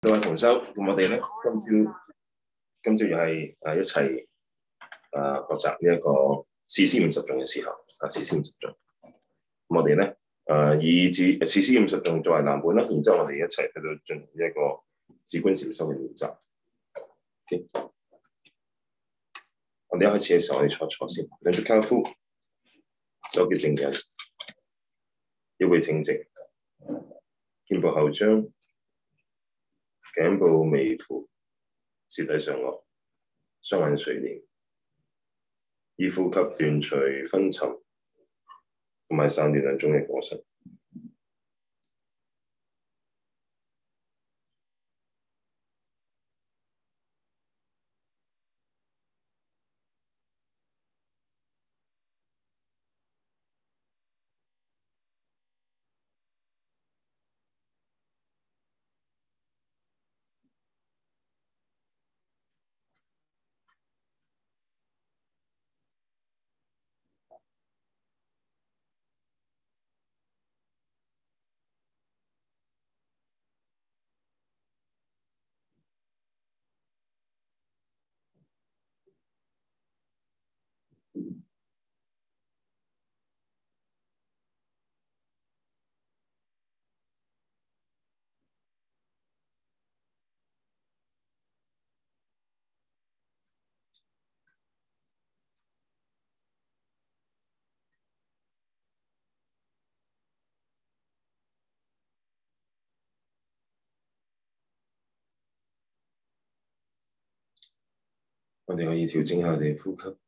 各位同修，咁我哋咧今朝今朝又係誒、啊、一齊誒學習呢一個事師五十頌嘅時候，啊事師五十頌。咁我哋咧誒以至事師五十頌作為藍本啦，然之後我哋一齊喺度進行呢一個止觀禪修嘅練習。Okay. 我哋一開始嘅時候，我哋坐坐先，兩隻卡夫，就叫並人，腰背正直，肩部後張。頸部微伏，舌體上顎，雙眼垂簾，以呼吸斷續分層，同埋三段兩種嘅過程。我哋可以調整下我哋嘅呼吸。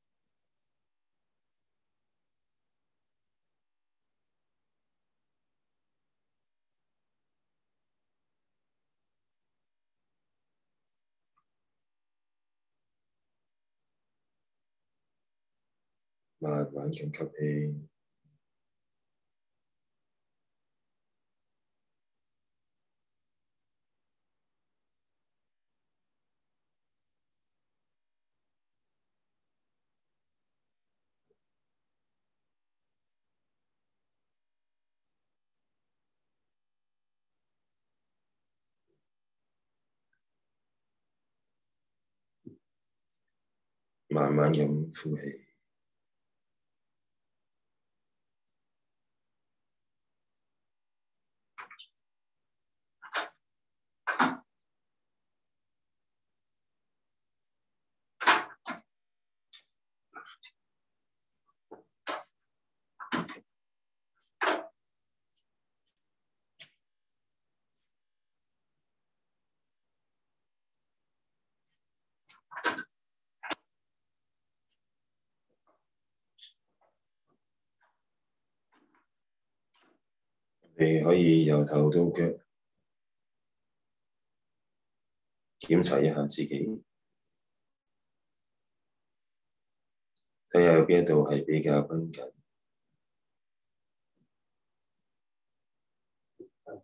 慢慢咁吸氣，慢慢咁呼氣。你可以由頭到腳檢查一下自己，睇下有邊度係比較繃緊、緊。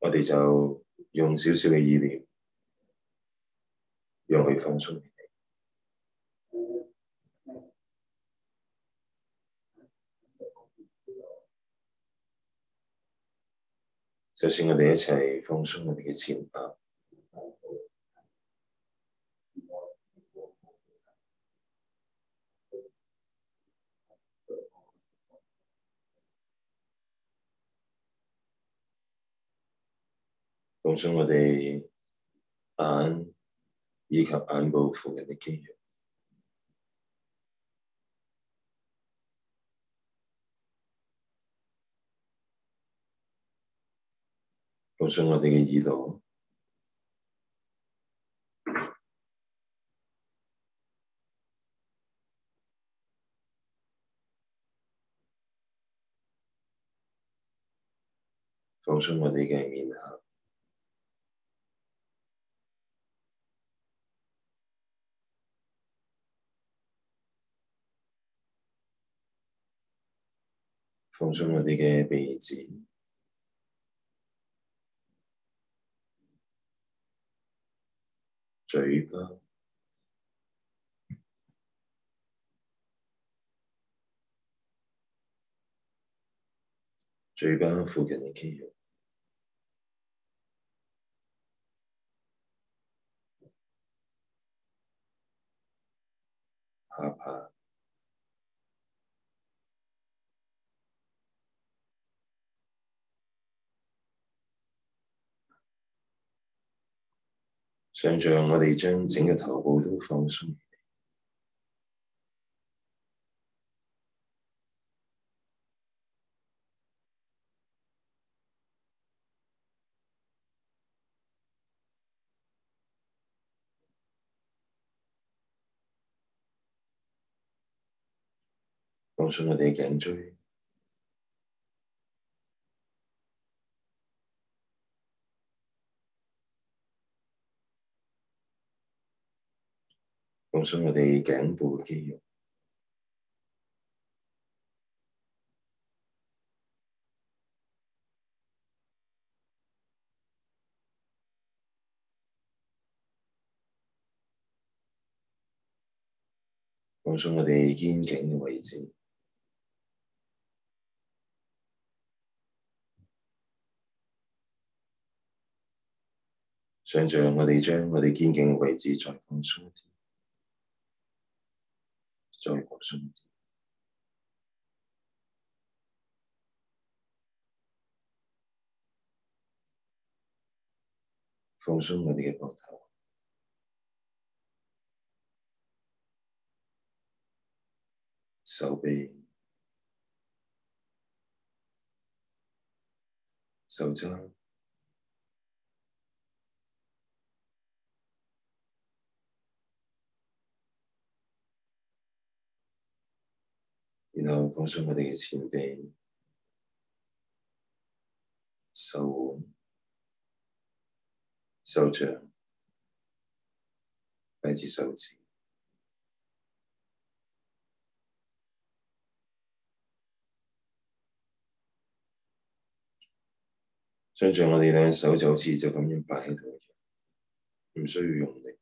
我哋就用少少嘅意念。用去放鬆你哋，首先我哋一齊放鬆我哋嘅肩膀，放鬆我哋眼。你嘅安撫，放鬆我哋嘅耳朵，放鬆我哋嘅面頰。放鬆我哋嘅鼻子、嘴巴、嘴巴附近嘅肌肉，下巴。想像，我哋將整個頭部都放鬆，放鬆我哋頸椎。放鬆我哋頸部肌肉，放鬆我哋肩頸嘅位置。想像我哋將我哋肩頸嘅位置再放鬆啲。做個收尾，放鬆我哋嘅膊頭、手臂、手肘。然後放鬆我哋嘅前臂、手腕、手掌、第二隻手指，想像我哋兩手就好似就咁樣擺喺度一樣，唔需要用力，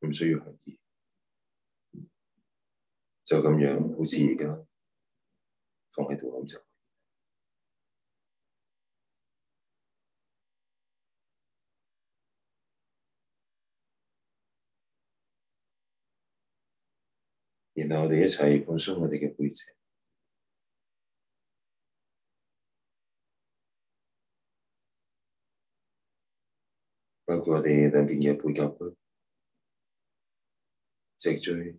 唔需要刻意。就咁樣，好似而家放喺度咁就。然後我哋一齊放鬆我哋嘅背脊，包括我哋兩邊嘅背甲骨、脊椎。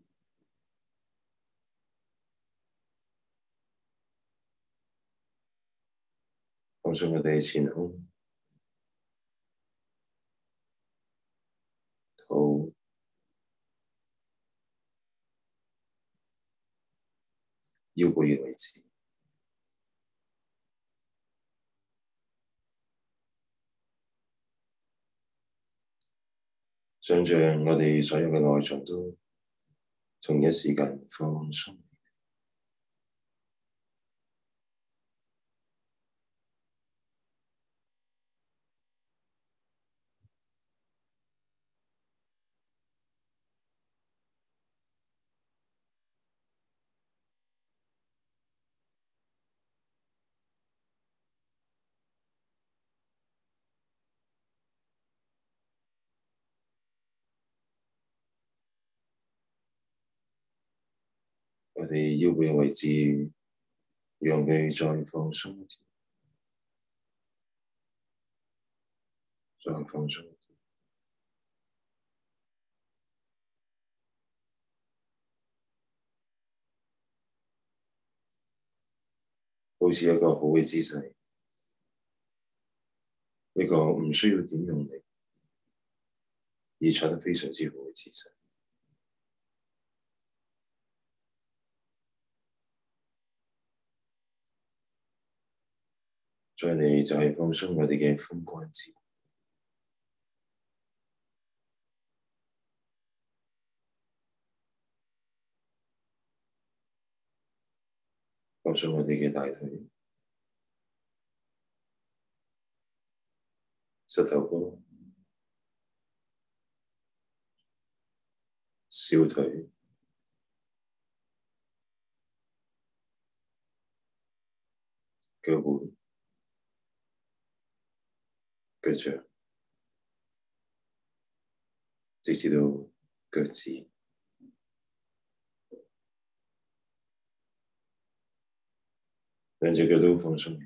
放上我哋嘅前胸、肚、腰部位置，想象我哋所有嘅內臟都同一時間放鬆。你哋腰背位置，讓佢再放鬆一啲，再放鬆一啲，好似一個好嘅姿勢，一個唔需要點用力而坐得非常之好嘅姿勢。幫你就係放鬆我哋嘅髖關節，放鬆我哋嘅大腿、膝頭哥、小腿、腳部。腳掌，直至到腳趾，兩隻腳都好放鬆。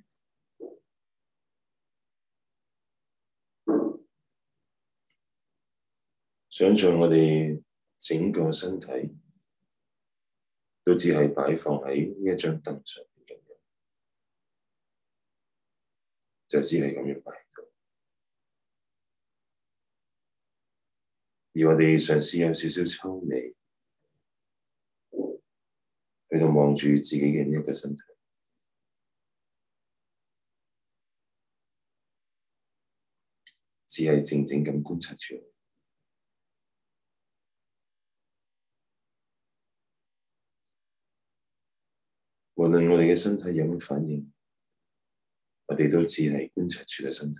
想像我哋整個身體都只係擺放喺呢一張凳上面咁樣，就只係咁樣擺。而我哋嘗試有少少抽離，去到望住自己嘅呢一個身體，只係靜靜咁觀察住，無論我哋嘅身體有冇反應，我哋都只係觀察住個身體。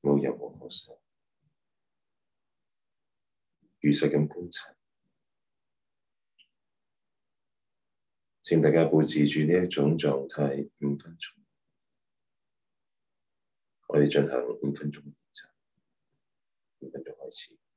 冇任何可惜。如實咁觀察。請大家保持住呢一種狀態五分鐘，我哋進行五分鐘觀察。五分鐘開始。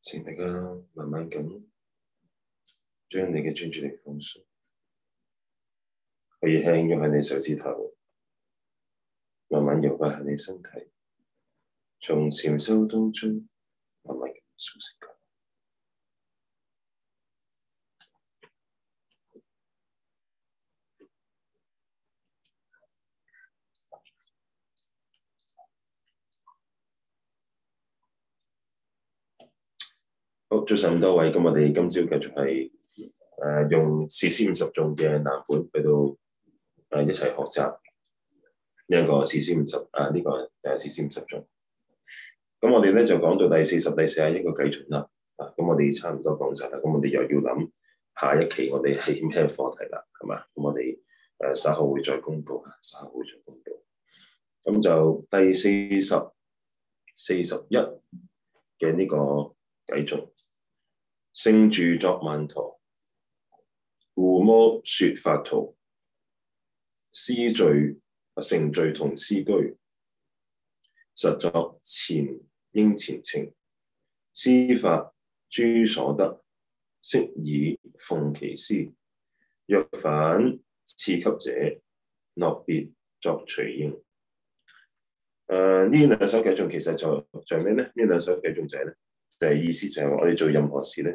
請大家慢慢咁將你嘅專注力放鬆，可以輕輕喐喺你手指頭，慢慢搖擺下你身體，從禪修當中慢慢咁甦醒。早晨咁多位，咁我哋今朝繼續係誒、啊、用事師五十頌嘅藍本去到誒一齊學習呢個事師五十啊呢個誒事師五十頌。咁我哋咧就講到第四十、第四十一個繼續啦。啊，咁、啊這個 uh, 我哋、啊、差唔多講晒啦，咁我哋又要諗下一期我哋係咩課題啦，係嘛？咁我哋誒稍後會再公布，稍後會再公布。咁就第四十、四十一嘅呢個繼續。聖住作曼茶，護摩說法徒，城聚城聚同師居，實作前應前呈，施法諸所得，悉以奉其師。若返賜給者，樂別作隨應。誒、呃，呢兩首偈頌其實在上面咧，就是就是、呢兩首偈頌者。咧。就係意思，就係話我哋做任何事咧，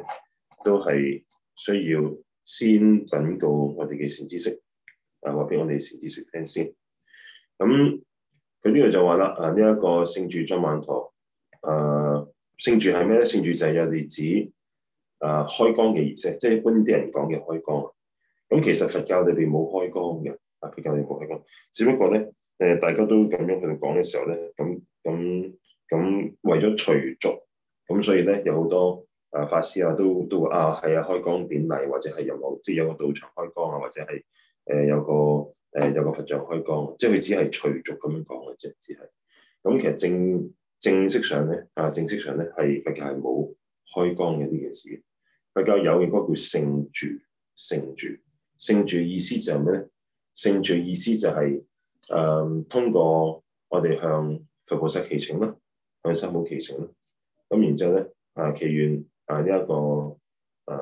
都係需要先禀告我哋嘅善知識，誒、啊，話俾我哋善知識聽先。咁佢呢度就話啦，誒呢一個聖住作曼茶，誒聖住係咩咧？聖住就係有啲指誒開光嘅儀式，即係一般啲人講嘅開光。咁、嗯嗯、其實佛教裏邊冇開光嘅、啊，佛教係冇開光，只不過咧誒、呃，大家都咁樣去講嘅時候咧，咁咁咁為咗隨俗。咁所以咧，有好多誒法師啊，都都啊，係啊，開光典禮或者係有冇即係有個道場開光啊，或者係誒有，有個誒、呃、有個佛像開光，即係佢只係隨俗咁樣講嘅啫，只係咁。其實正正式上咧啊，正式上咧係佛教係冇開光嘅呢件事，佛教有嘅嗰個叫聖住，聖住聖住意思就係咩咧？聖住意思就係、是、誒、嗯、通過我哋向佛菩薩祈請啦，向三寶祈請啦。咁然之後咧，啊，祈願啊呢一個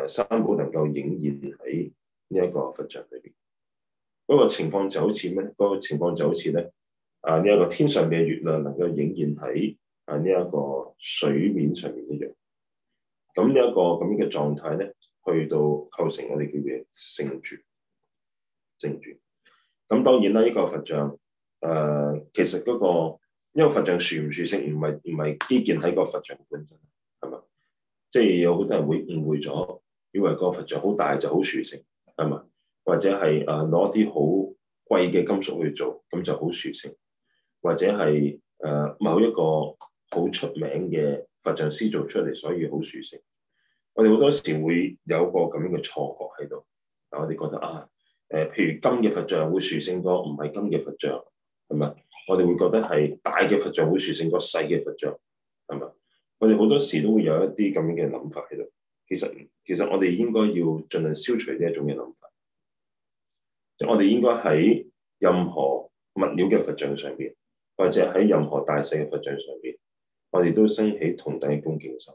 誒三寶能夠映現喺呢一個佛像裏邊。嗰、那個情況就好似咧，嗰、那個情況就好似咧啊呢一、這個天上嘅月亮能夠映現喺啊呢一、這個水面上面一、這個、樣。咁呢一個咁嘅狀態咧，去到構成我哋叫嘅聖住、聖住。咁當然啦，呢、這個佛像誒、啊、其實嗰、那個。因為佛像殊唔殊勝，唔係唔係基建喺個佛像本身，係咪？即係有好多人會誤會咗，以為個佛像好大就好殊勝，係咪？或者係誒攞啲好貴嘅金屬去做，咁就好殊勝，或者係誒、呃、某一個好出名嘅佛像師做出嚟，所以好殊勝。我哋好多時會有個咁樣嘅錯覺喺度，我哋覺得啊，誒、呃，譬如金嘅佛像會殊勝多，唔係金嘅佛像係咪？我哋會覺得係大嘅佛像會殊勝過細嘅佛像，係咪？我哋好多時都會有一啲咁嘅諗法喺度。其實，其實我哋應該要盡量消除呢一種嘅諗法，即係我哋應該喺任何物料嘅佛像上邊，或者喺任何大細嘅佛像上邊，我哋都升起同等嘅恭敬心。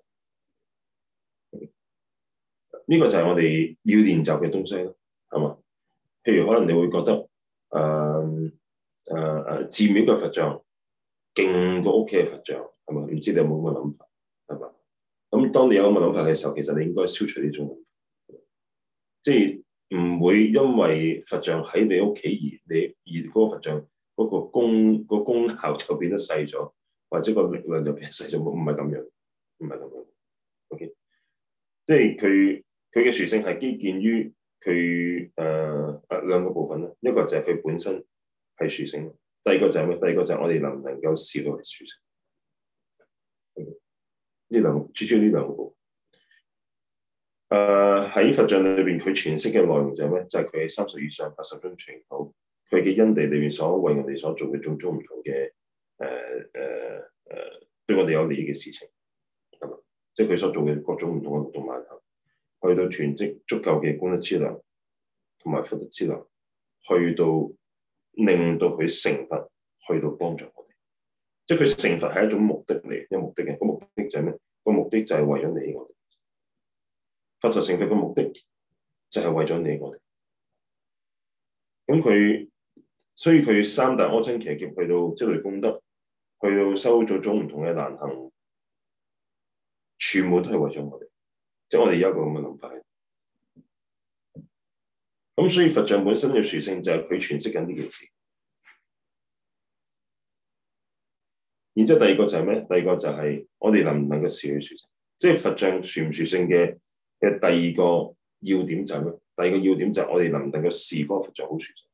呢個就係我哋要練習嘅東西咯，係嘛？譬如可能你會覺得，誒。誒誒、呃，寺廟嘅佛像勁過屋企嘅佛像，係咪？唔知你有冇咁嘅諗法，係嘛？咁當你有咁嘅諗法嘅時候，其實你應該消除呢種，即係唔會因為佛像喺你屋企而你而嗰個佛像嗰、嗰個功、嗰個功效就變得細咗，或者個力量就變細咗，唔唔係咁樣，唔係咁樣。OK，即係佢佢嘅殊勝係基建於佢誒誒兩個部分啦，一個就係佢本身。係樹性，第二個就係咩？第二個就係我哋能唔能夠試到係樹性？呢、嗯、兩，最至少呢兩個。誒、呃，喺佛像裏邊，佢詮釋嘅內容就係咩？就係佢喺三十以上八十分鐘前，佢嘅因地裏邊所為我哋所做嘅種種唔同嘅，誒誒誒，對我哋有利益嘅事情，係嘛？即係佢所做嘅各種唔同嘅活動漫行，去到全職足夠嘅功德之能，同埋福德之能，去到。令到佢成佛去到幫助我哋，即係佢成佛係一種目的嚟，有目的嘅。個目的就係咩？個目的就係為咗你我哋。佛在成佛嘅目的就係為咗你我哋。咁佢所以佢三大阿僧祇劫去到積累功德，去到收咗種唔同嘅難行，全部都係為咗我哋，即係我哋有一個咁嘅諗法。咁所以佛像本身嘅殊勝就係佢詮釋緊呢件事。然之後第二個就係咩？第二個就係我哋能唔能夠視佢殊勝？即係佛像殊唔殊勝嘅嘅第二個要點就係咩？第二個要點就係我哋能唔能夠視個佛像好殊勝。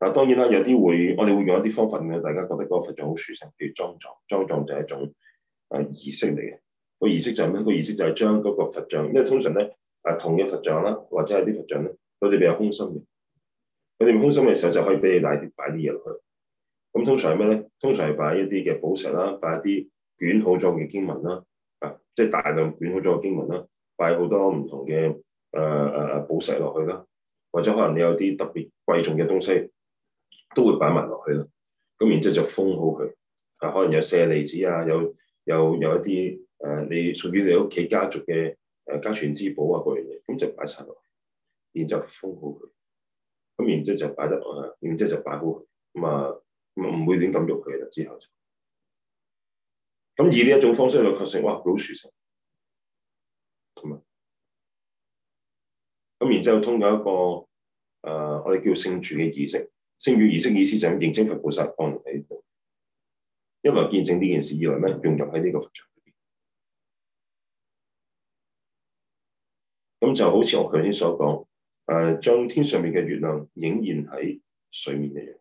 嗱，當然啦，有啲會，我哋會用一啲方法令到大家覺得嗰個佛像好殊勝。譬如裝藏，裝藏就係一種誒、呃、儀式嚟嘅。個儀式就係咩？個儀式就係將嗰個佛像，因為通常咧。啊，同嘅佛像啦，或者係啲佛像咧，佢哋比較空心嘅。佢哋唔空心嘅時候就可以俾你擺啲擺啲嘢落去。咁通常係咩咧？通常係擺一啲嘅寶石啦，擺一啲捲好咗嘅經文啦，啊，即係大量捲好咗嘅經文啦，擺、啊、好多唔同嘅誒誒寶石落去啦。或者可能你有啲特別貴重嘅東西，都會擺埋落去啦。咁、啊、然之後就封好佢。啊，可能有舍利子啊，有有有，有一啲誒、啊，你屬於你屋企家族嘅。誒家傳之寶啊，嗰樣嘢咁就擺晒落去，然之後封好佢，咁然之後就擺得，誒，然之後就擺好佢，咁啊，咁唔會亂撳喐佢啦，之後就，咁以呢一種方式去確信，哇，好殊勝，咁啊，咁然之後通過一個誒、呃，我哋叫聖住嘅儀式，聖住儀式意思就係認清佛菩薩降臨喺度，一為見證呢件事，二為咩融入喺呢個佛場。咁就好似我頭先所講，誒、呃、將天上面嘅月亮映現喺水面一樣。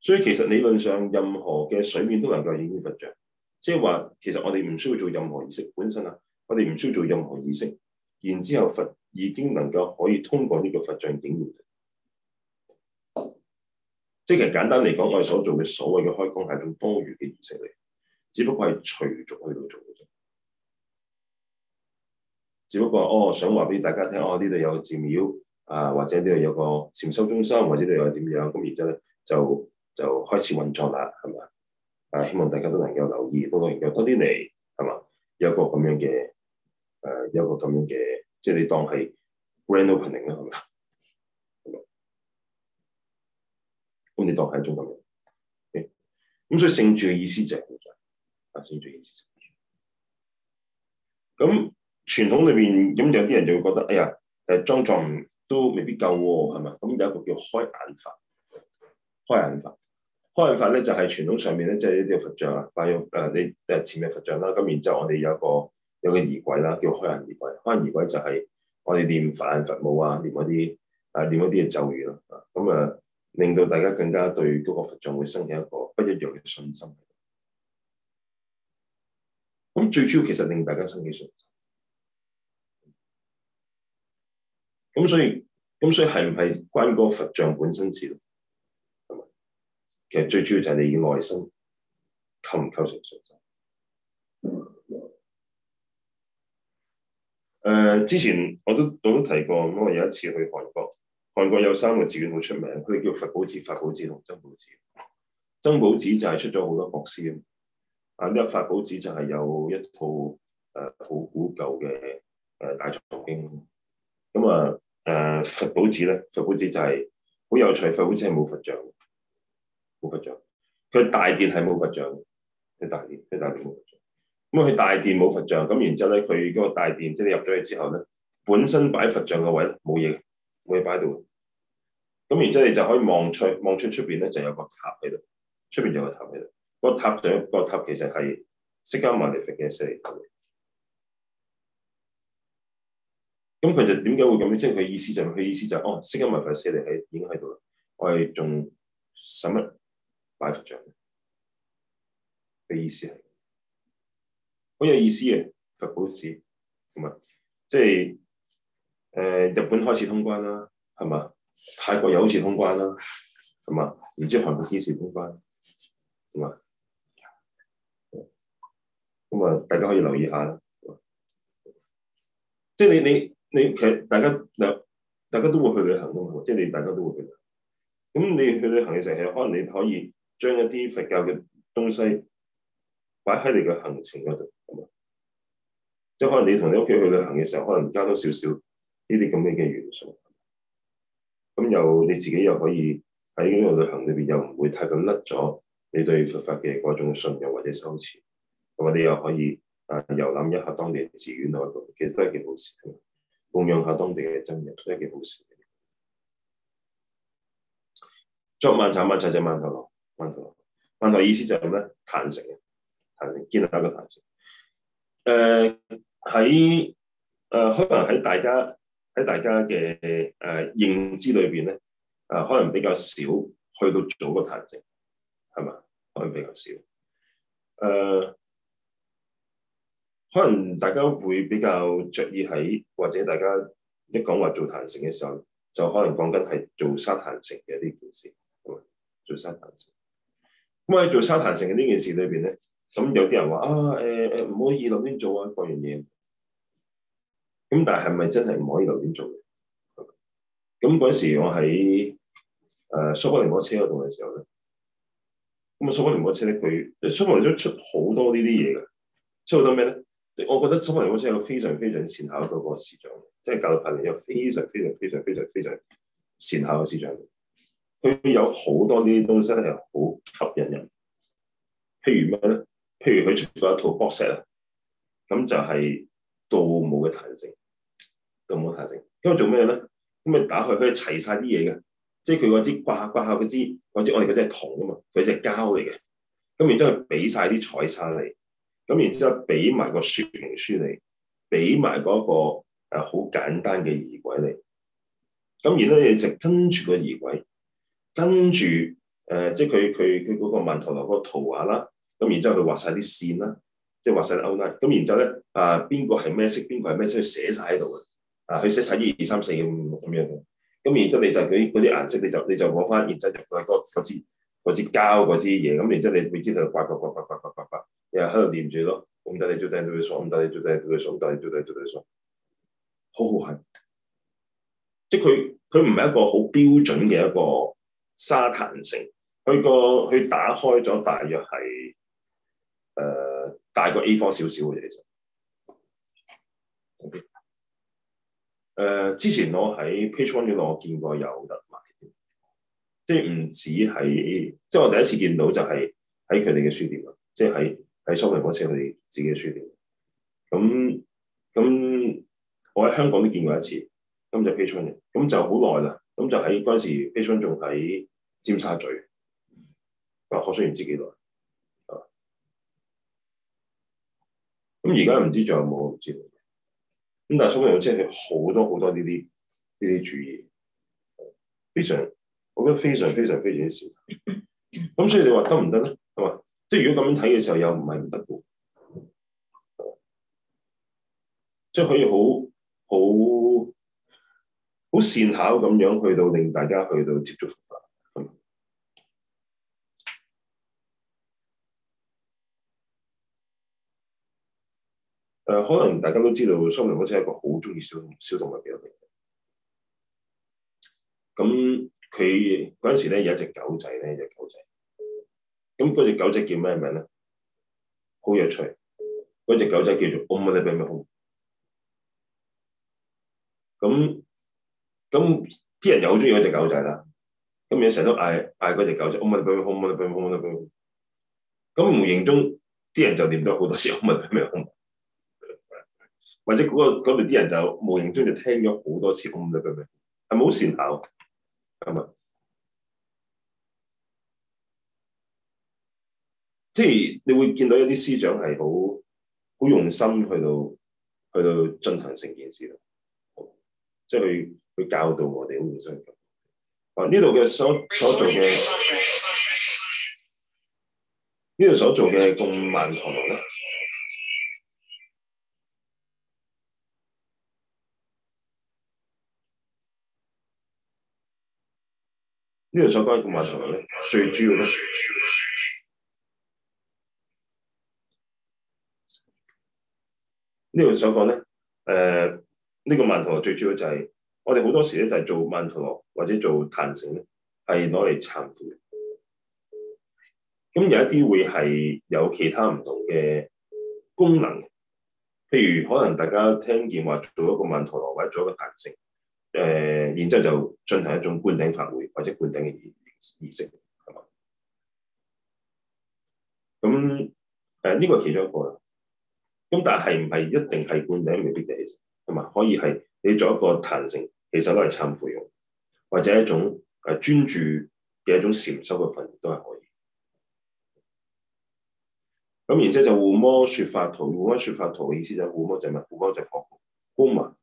所以其實理論上任何嘅水面都能夠映現佛像。即係話，其實我哋唔需要做任何儀式本身啊，我哋唔需要做任何儀式，然之後佛已經能夠可以通過呢個佛像映現。即係其實簡單嚟講，我哋所做嘅所謂嘅開光係一種多餘嘅儀式嚟。只不過係隨續去度做嘅啫。只不過哦，想話俾大家聽，哦，呢度有個寺廟啊，或者呢度有個禪修中心，或者呢度有點樣咁，然之後咧就就開始運作啦，係咪啊？啊，希望大家都能夠留意，都能夠多啲嚟，係嘛？有一個咁樣嘅誒、啊，有一個咁樣嘅、啊，即係你當係 grand opening 啦，係咪？咁你當係一種咁樣。咁、okay? 所以聖住嘅意思就係、是。啊！先做件事先。咁傳統裏邊咁有啲人就會覺得，哎呀，誒裝裝都未必夠喎、啊，係咪？咁有一個叫開眼法，開眼法，開眼法咧就係傳統上面咧，即係呢啲佛像啊，玉，誒、呃、你誒前面佛像啦。咁然之後，我哋有一個有一個儀軌啦，叫開眼儀軌。開眼儀軌就係我哋念佛眼佛母啊，念嗰啲誒念嗰啲嘅咒語咯。咁誒、啊、令到大家更加對嗰個佛像會生起一個不一樣嘅信心。咁最主要其實令大家生起信心，咁所以咁所以係唔係關個佛像本身事？其實最主要就係你以內心構唔構成信心，嗯呃。之前我都我都，都提過，咁我有一次去韓國，韓國有三個寺院好出名，佢哋叫佛寶寺、法寶寺同僧寶寺。僧寶寺就係出咗好多佛師咁。啊！一法寶寺就係有一套誒，套，呃、好古舊嘅誒大藏經。咁啊誒佛寶寺咧，佛寶寺，寺就係好有趣。佛寶寺係冇佛，佛，佛，佛像，冇、嗯、佛像。佢大殿係冇佛像嘅，喺大殿，喺大殿冇佛像。咁佢大殿冇佛像，咁然之後咧，佢嗰個大殿，即係入咗去之後咧，本身擺佛像嘅位咧冇嘢，冇嘢擺喺度。咁然之後你就可以望出，望出出邊咧，就有個塔喺度，出邊有個塔喺度。個塔上、那個塔其實係釋迦牟尼佛嘅舍利塔嚟。咁佢就點解會咁樣？即係佢意思就係、是，佢意思就係、是，哦，釋迦牟尼佛舍利係已經喺度啦。我係仲使乜擺佛像？佢意思係好有意思嘅佛寶寺同埋，即係誒、呃、日本開始通關啦，係嘛？泰國又好似通關啦，係嘛？唔知韓國幾時通關，係嘛？咁啊，大家可以留意下啦。即係你你你其實大家嗱，大家都會去旅行噶嘛。即係你大家都會去。咁你去旅行嘅時候，可能你可以將一啲佛教嘅東西擺喺你嘅行程嗰度。即係可能你同你屋企去旅行嘅時候，可能加多少少呢啲咁嘅嘅元素。咁又你自己又可以喺呢個旅行裏邊又唔會太咁甩咗你對佛法嘅嗰種信任或者修持。我哋又可以啊遊覽一下當地嘅寺院度，其實都係幾好事嘅。供養下當地嘅僧人都係幾好事嘅。作曼茶，曼茶就曼荼羅，曼荼羅。曼荼羅意思就係咩？壇城嘅，壇城建立一個壇城。誒喺誒可能喺大家喺大家嘅誒、呃、認知裏邊咧，啊可能比較少去到做個壇城，係嘛？可能比較少。誒。可能大家會比較着意喺，或者大家一講話做壇城嘅時候，就可能講緊係做沙壇城嘅呢件事。嗯、做沙壇城，咁喺做沙壇城嘅呢件事裏邊咧，咁有啲人話啊，誒誒唔可以留點做啊，放完嘢。咁但係係咪真係唔可以留點做嘅？咁、okay. 嗰時我喺誒梭巴仁波切嗰度嘅時候咧，咁啊梭巴仁波切咧佢，梭巴都出好多呢啲嘢嘅，出好多咩咧？我覺得蘇民好似有個非常非常善巧一個市長，即係教育界嚟，有非常非常非常非常非常善巧嘅市長。佢有好多啲東西係好吸引人，譬如咩咧？譬如佢出咗一套 box set 啊，咁就係度母嘅壇城，度母嘅壇城。因為做咩咧？咁咪打佢，佢齊晒啲嘢嘅，即係佢嗰支掛下掛下佢支，或者我哋嗰隻銅啊嘛，佢隻膠嚟嘅，咁然之後佢俾晒啲彩砂嚟。咁然之後，俾埋個說明書嚟，俾埋嗰個好簡單嘅儀軌嚟。咁然之後，你就跟住個儀軌，跟住誒、呃，即係佢佢佢嗰個曼陀羅嗰個圖畫啦。咁然之後，佢畫晒啲線啦，即係畫晒啲 outline，咁然之後咧，啊邊個係咩色，邊個係咩色，佢寫曬喺度嘅。啊，佢寫晒一二三四五六咁樣嘅。咁然之後你、那個你，你就佢啲顏色，你就你就攞翻，然之後就去嗰嗰支支膠嗰支嘢。咁然之後你，你會知道，刮刮刮刮刮刮刮。刮刮刮刮刮又喺度念住咯，五打你做低，做嘅數，五打你做低，做嘅數，五打你做低，做嘅數，好好玩。即係佢，佢唔係一個好標準嘅一個沙灘城。佢個佢打開咗，大約係誒、呃、大個 A 方少少嘅其實。誒、嗯，之前我喺 PageOne 嗰度，我見過有得賣，即係唔止係，即係我第一次見到就係喺佢哋嘅書店啊，即係喺。喺蘇寧嗰次佢哋自己嘅書店，咁咁我喺香港都見過一次，咁就 PageOne 嘅，咁就好耐啦，咁就喺嗰陣時 PageOne 仲喺尖沙咀，啊雖然唔知幾耐啊，咁而家唔知仲有冇唔知，咁但係蘇寧即係好多好多呢啲呢啲主意，非常我覺得非常非常非常少，咁所以你話得唔得咧？係嘛？即係如果咁樣睇嘅時候，又唔係唔得嘅，即係可以好好好善巧咁樣去到令大家去到接觸。誒，可能大家都知道蘇聯嗰陣係一個好中意小小動物嘅人嚟嘅，咁佢嗰陣時咧有一隻狗仔咧，隻狗仔。咁嗰隻狗仔叫咩名咧？好有趣，嗰隻狗仔叫做嗡嘛呢叭咪吽。咁咁啲人就好中意嗰隻狗仔啦，咁你成日都嗌嗌嗰隻狗仔嗡嘛呢叭咪吽、嗡嘛呢叭咪吽。咁無形中啲人就念咗好多次嗡嘛呢叭咪吽。或者嗰度啲人就無形中就聽咗好多次嗡嘛呢叭咪吽。係咪好善巧？係咪？即係你會見到一啲師長係好好用心去到去到進行成件事咯，即係佢佢教導我哋好用心。哦、啊，呢度嘅所所做嘅呢度所做嘅共萬堂呢咧，呢度所講嘅共萬堂呢咧，最主要咧。所呢度想講咧，誒、呃、呢、這個曼陀羅最主要就係、是、我哋好多時咧就係做曼陀羅或者做壇城，咧，係攞嚟禪修。咁有一啲會係有其他唔同嘅功能，譬如可能大家聽見話做一個曼陀羅或者做一個壇城，誒、呃，然之後就進行一種灌頂法會或者灌頂嘅儀儀式，係嘛？咁誒呢個係其中一個啦。咁但係唔係一定係灌頂，未必就起身，同埋可以係你做一個彈性，其實都係懺悔用，或者一種誒、啊、專注嘅一種禪修嘅訓練都係可以。咁然之後就護摩説法徒，護摩説法徒嘅意思就護摩就係乜？護摩就火公文，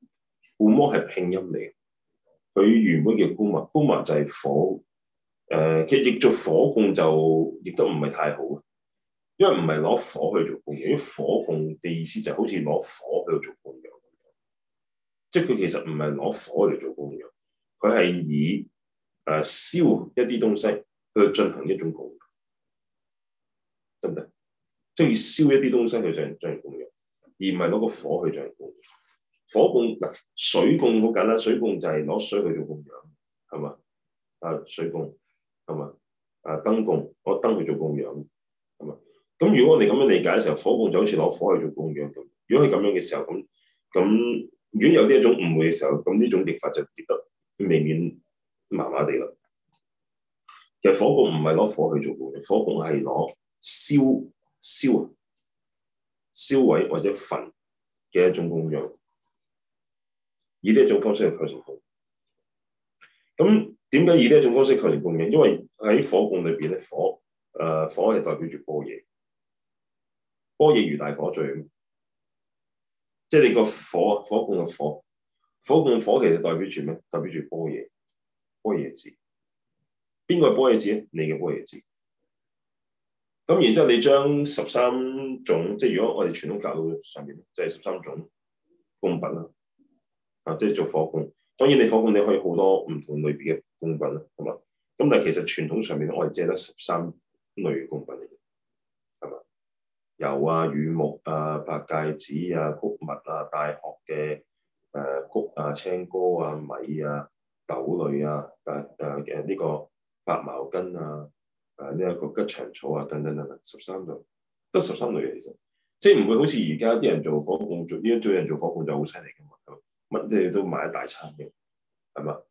護摩係拼音嚟，佢原本叫公文，公文就係火。呃、其實譯做火供就譯都唔係太好因為唔係攞火去做供養，啲火供嘅意思就係好似攞火去做供養，即係佢其實唔係攞火嚟做供養，佢係以誒燒、呃、一啲東西去進行一種供養，得唔得？即係燒一啲東西去進行進行供養，而唔係攞個火去進行供養。火供嗱、呃、水供好簡單，水供就係攞水去做供養，係嘛？誒、啊、水供係嘛？誒、啊、燈供，攞燈去做供養。咁如果我哋咁樣理解嘅時候，火供就好似攞火去做供養咁。如果係咁樣嘅時候，咁咁，如果有呢一種誤會嘅時候，咁呢種譯法就譯得明顯麻麻地啦。其實火供唔係攞火去做供養，火供係攞燒燒燒毀或者焚嘅一種供養，以呢一種方式去構成供養。咁點解以呢一種方式構成供養？因為喺火供裏邊咧，火誒、呃、火係代表住煲嘢。般若如大火聚，即係你個火火供嘅火，火供火，火，火其實代表住咩？代表住般若。般若字，邊個般若字？你嘅般若字。咁然之後你將十三種，即係如果我哋傳統教到上面，就係十三種供品啦，啊，即、就、係、是、做火供。當然你火供你可以好多唔同類別嘅供品啦，係嘛？咁但係其實傳統上面我，我哋借得十三類供品嚟油啊、乳木啊、白芥子啊、穀物啊、大禾嘅誒穀啊、青稞啊、米啊、豆類啊、誒誒誒呢個白茅根啊、誒呢一個吉祥草啊，等等等等，十三類，得十三類嘅其實，即係唔會好似而家啲人做火供做，呢家最人做火供就好犀利嘅嘛，乜嘢都買一大餐嘅，係嘛？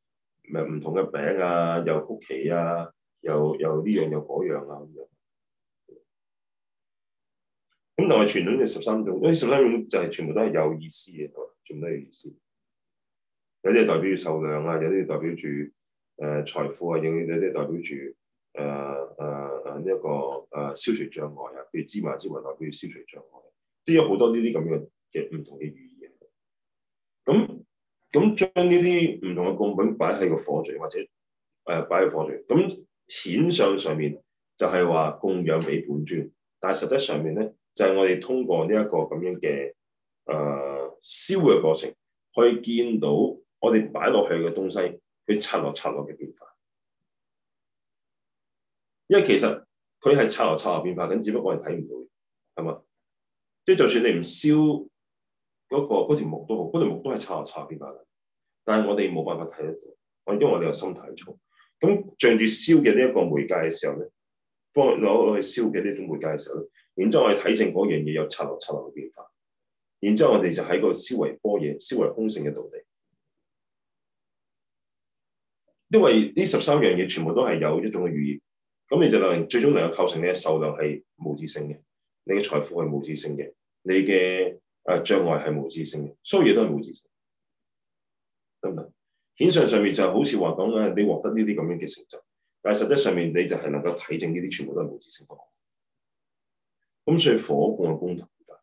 咪唔同嘅餅啊，有曲奇啊，又有呢、這個、樣又嗰樣啊咁樣。咁同埋傳統嘅十三種，因為十三種就係全部都係有意思嘅，全部都係意思。有啲係代表住壽量有代表、呃呃這個、啊，有啲代表住誒財富啊，有啲代表住誒誒誒呢一個誒消除障礙啊，譬如芝麻、芝麻代表消除障礙，都、就是、有好多呢啲咁樣嘅唔同嘅寓意。咁咁將呢啲唔同嘅供品擺喺個火堆，或者誒擺喺火堆，咁顯相上面就係話供養俾本尊，但係實際上面咧。就係我哋通過呢一個咁樣嘅誒、呃、燒嘅過程，可以見到我哋擺落去嘅東西，佢拆落拆落嘅變化。因為其實佢係拆落拆落變化，咁只不過係睇唔到，係嘛？即係就算你唔燒嗰、嗰個條木都好，嗰條木都係拆落拆落變化啦。但係我哋冇辦法睇得到，我因為我哋有心態重。咁像住燒嘅呢一個媒介嘅時候咧，幫我攞去燒嘅呢種媒介嘅時候咧。然之後我哋睇正嗰樣嘢有七落七落嘅變化，然之後我哋就喺個思維波嘢、思維空性嘅道理，因為呢十三樣嘢全部都係有一種嘅寓意。咁你就嚟最終能夠構成你嘅壽量係無自性嘅，你嘅財富係無自性嘅，你嘅啊、呃、障礙係無自性嘅，所有嘢都係無自性。得唔得？顯相上面就好似話講緊你獲得呢啲咁樣嘅成就，但係實際上面你就係能夠睇正呢啲全部都係無自性。咁所以火供嘅功德好大，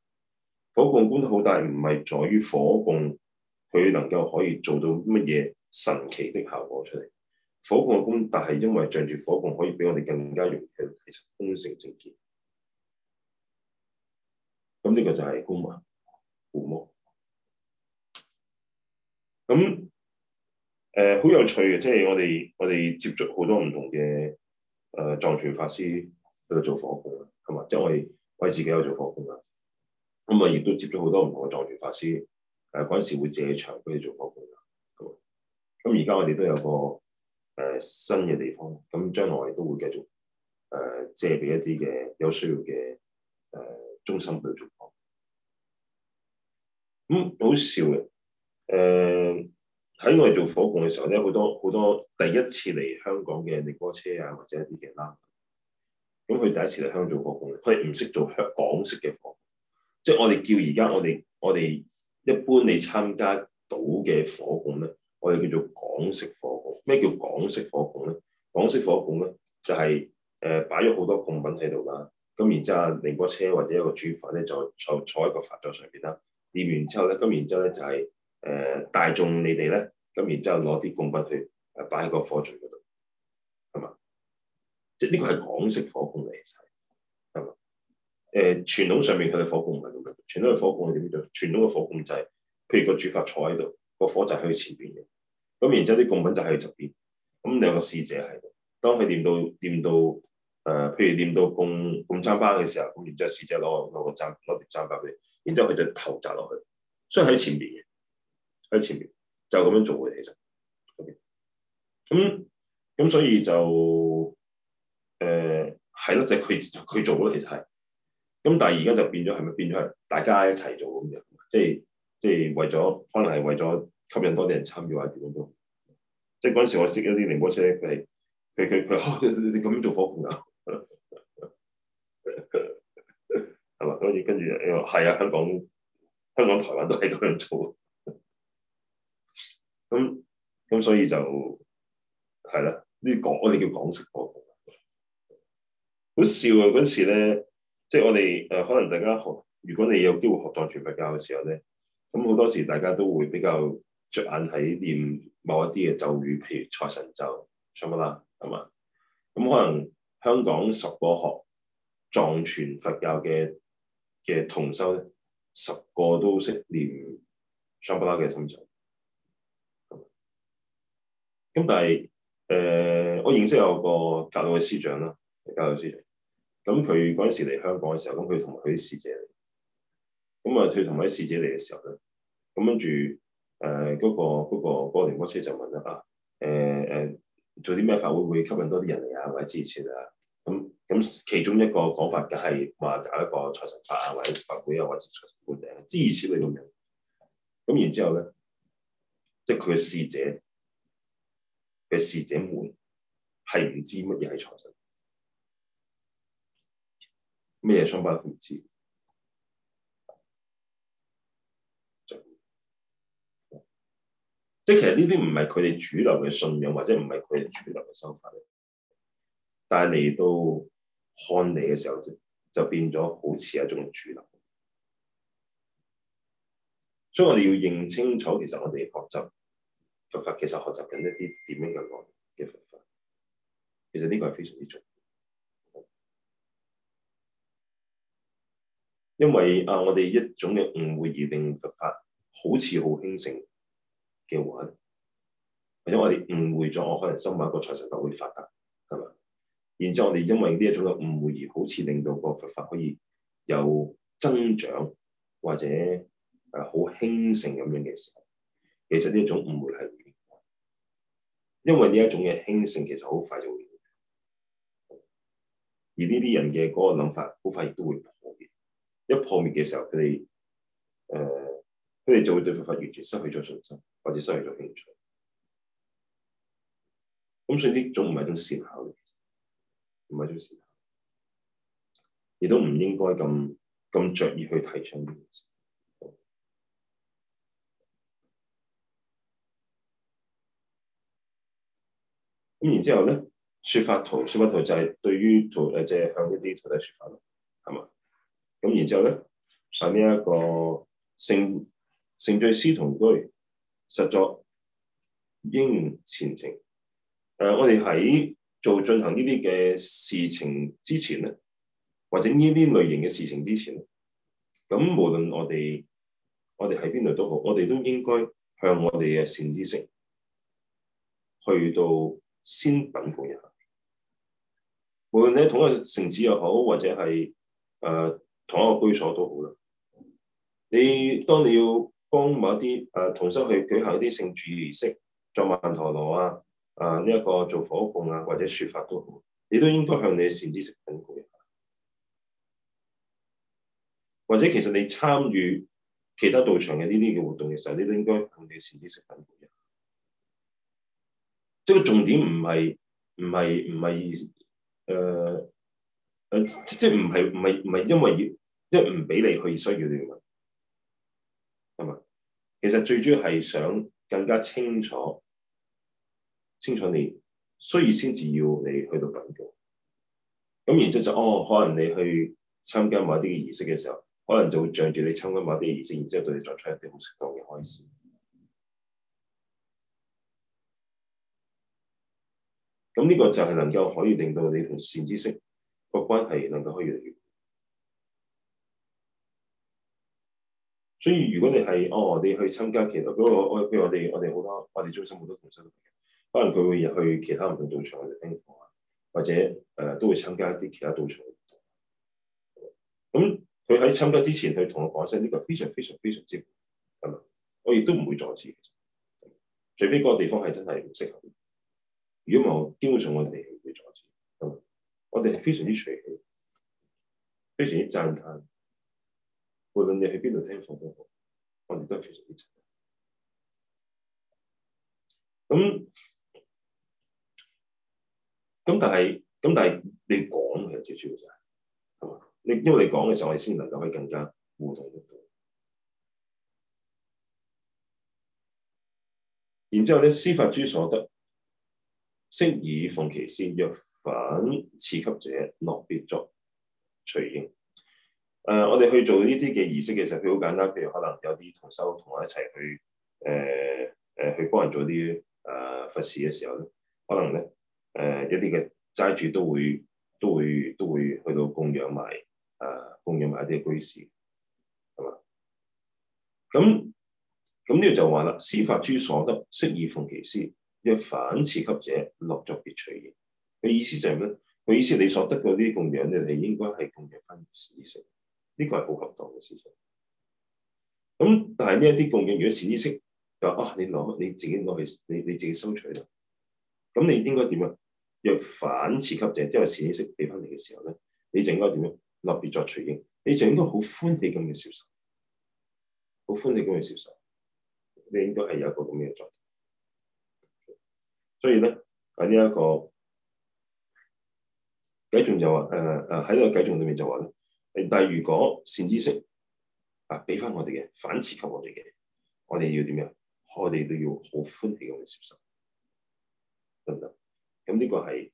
火供功德好大，唔係在於火供，佢能夠可以做到乜嘢神奇的效果出嚟。火供嘅功德係因為仗住火供，可以俾我哋更加容易提升功成正見。咁呢個就係功嘛，護摩。咁誒好有趣嘅，即係我哋我哋接觸好多唔同嘅誒、呃、藏傳法師喺度做火供，係嘛？即係我哋。為自己有做火供啊！咁啊，亦都接咗好多唔同嘅藏傳法師，誒嗰陣時會借場俾佢做火供啊！咁，而家我哋都有個誒、呃、新嘅地方，咁將來亦都會繼續誒、呃、借俾一啲嘅有需要嘅誒、呃、中心去做火供。咁好笑嘅，誒喺我哋做火供嘅、嗯呃、時候咧，好多好多第一次嚟香港嘅仁波切啊，或者一啲嘅喇。咁佢第一次嚟香港做火供，佢唔識做港式嘅火供，即係我哋叫而家我哋我哋一般你參加到嘅火供咧，我哋叫做港式火供。咩叫港式火供咧？港式火供咧就係誒擺咗好多供品喺度啦，咁然之後啊，靈波車或者一個主法咧，就坐坐喺一個法座上邊啦，念完之後咧，咁然之後咧就係、是、誒、呃、大眾你哋咧，咁然之後攞啲供品去擺喺、呃、個火墜嗰度。呢個係港式火供嚟，其實係係咪？誒、呃、傳統上面佢嘅火供唔係咁樣，傳統嘅火供係點做？傳統嘅火供就係、是，譬如個主法坐喺度，個火就喺前邊嘅。咁然之後啲供品就喺側邊。咁兩個侍者喺度，當佢念到念到誒、呃，譬如念到供供餐包嘅時候，咁然之後侍者攞攞個攤攞條餐包俾你，然之後佢就頭擲落去，所以喺前邊嘅，喺前邊就咁樣做嘅其實。咁咁所以就。誒係咯，就佢佢做咯，其實係。咁但係而家就變咗，係咪變咗係大家一齊做咁樣，即係即係為咗可能係為咗吸引多啲人參與或者點咁多。即係嗰陣時我識一啲檸波車，佢係佢佢佢，你你咁樣做火控噶，係 backs 嘛？跟住跟住又係啊！香港香港台灣都係咁樣做。咁咁 analysis 所以就係啦，呢啲個我哋叫港式火控。好笑啊！嗰時咧，即係我哋誒、呃，可能大家學，如果你有機會學藏傳佛教嘅時候咧，咁好多時大家都會比較着眼喺念某一啲嘅咒語，譬如財神咒、香巴拉，係嘛？咁可能香港十個學藏傳佛教嘅嘅同修，十個都識念香巴拉嘅心咒。咁但係誒、呃，我認識有個教會師長啦。教流司長，咁佢嗰陣時嚟香港嘅時候，咁佢同佢啲侍者，咁啊，佢同埋啲侍者嚟嘅時候咧，咁跟住誒嗰個嗰、嗰個嗰、嗰個仁波切就問啦啊誒誒、呃，做啲咩法會會吸引多啲人嚟啊，或者支持啊？咁咁其中一個講法嘅係話搞一個財神法啊，或者法會啊，或者財神會誒支持嘅咁樣。咁然之後咧，即係佢嘅侍者嘅侍者們係唔知乜嘢係財神。咩嘢雙法都唔知，即係其實呢啲唔係佢哋主流嘅信仰，或者唔係佢哋主流嘅修法，但係嚟到漢地嘅時候，就就變咗好似一種主流。所以我哋要認清楚，其實我哋學習佛法，其實學習緊一啲點樣嘅法嘅佛法，其實呢個係非常之重要。因為啊，我哋一種嘅誤會而令佛法好似好興盛嘅話咧，或者我哋誤會咗，我可能生埋一個財神就會發達，係嘛？然之後我哋因為呢一種嘅誤會而好似令到個佛法可以有增長或者誒好興盛咁樣嘅時候，其實呢一種誤會係會因為呢一種嘅興盛，其實好快就會變而呢啲人嘅嗰個諗法，好快亦都會。一破滅嘅時候，佢哋誒，佢、呃、哋就會對佛法完全失去咗信心，或者失去咗興趣。咁所以呢種唔係一種善巧嘅，唔係一種善巧，亦都唔應該咁咁著意去提倡呢件事。咁然之後咧，説法徒，説法徒就係對於徒誒即係向呢啲徒弟説法咯，係嘛？咁然之後咧，上呢一個城聚同師居實作應前呈。誒、呃，我哋喺做進行呢啲嘅事情之前咧，或者呢啲類型嘅事情之前咧，咁無論我哋我哋喺邊度都好，我哋都應該向我哋嘅善知識去到先品備一下。無論你喺同一城市又好，或者係誒，呃所有居所都好啦。你當你要幫某一啲誒同修去舉行一啲聖住儀式，做曼陀羅啊，誒呢一個做火供啊，或者説法都好，你都應該向你嘅善知識稟告。或者其實你參與其他道場嘅呢啲嘅活動嘅時候，你都應該向你嘅善知識稟告。即係個重點唔係唔係唔係，誒誒，即係唔係唔係唔係因為要。因一唔俾你去需要啲嘢，係咪？其實最主要係想更加清楚、清楚你需要先至要你去到等。嘅。咁然之後就哦，可能你去參加某啲儀式嘅時候，可能就會仗住你參加某啲儀式，然之後對你作出一啲好適當嘅開示。咁呢、這個就係能夠可以令到你同善知識個關係能夠可以越嚟越。所以如果你係哦，你去參加其他嗰個，譬如我哋我哋好多我哋中心好多同修都可能佢會入去其他唔同道場嚟聽課，或者誒、呃、都會參加一啲其他道場嘅活動。咁佢喺參加之前，佢同我講聲，呢、呢個非常非常非常之。咁我亦都唔會阻止其嘅。除非嗰個地方係真係唔適合。如果冇係，基本上我哋唔會阻止。咁，我哋係非常之隨喜，非常之讚歎。無論你喺邊度聽放都好，我哋都係傳承呢層。咁、嗯、咁，但係咁但係、就是，你講其實最主要就係，你因為你講嘅時候，我哋先能夠可以更加互動得到。然之後咧，施法諸所得，悉以奉其師，若返賜給者，樂別作隨應。誒、呃，我哋去做呢啲嘅儀式嘅時候，佢好簡單。譬如可能有啲同修同我一齊去，誒、呃、誒、呃，去幫人做啲誒、呃、佛事嘅時候咧，可能咧誒、呃、一啲嘅齋主都會都會都會去到供養埋誒、呃、供養埋一啲居士，係嘛？咁咁呢就話啦，施法諸所得，悉以奉其師，若返賜給者，樂作別隨應。佢意思就係乜？佢意思你所得嗰啲供養，你係應該係供養翻寺食。呢個係好恰當嘅事情。咁但係呢一啲供養如果善知識就啊，你攞你自己攞去，你你自己收取咁。你應該點啊？若返賜給者，即係善知識俾翻嚟嘅時候咧，你就應該點啊？樂別作隨應，你就應該好歡喜咁嘅接受，好歡喜咁嘅接受。你應該係有一個咁嘅作。所以咧喺呢一個偈頌就話誒誒喺呢個偈頌裏面就話咧。但係如果善知識啊，俾翻我哋嘅，返賜給我哋嘅，我哋要點樣？我哋都要好歡喜咁去接受，得唔得？咁呢個係誒，呢、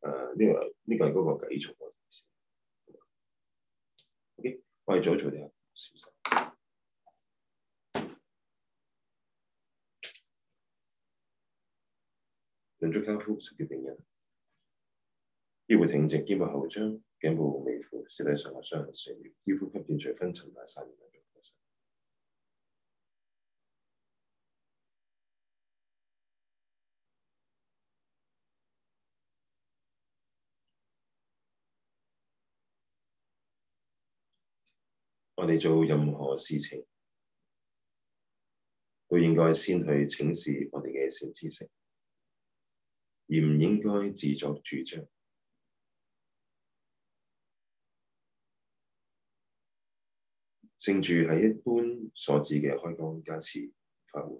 呃這個係呢個係嗰個舉重嘅意思。O.K. 我哋早做啲啊，接受。兩足交叉，十點零一，腰部挺直，肩部後張。頸部、微腹、舌底上下、雙人、雙面、肌膚級別、隨分層、大細、我哋做任何事情，都應該先去請示我哋嘅善知識，而唔應該自作主張。正住係一般所指嘅開光加持法會，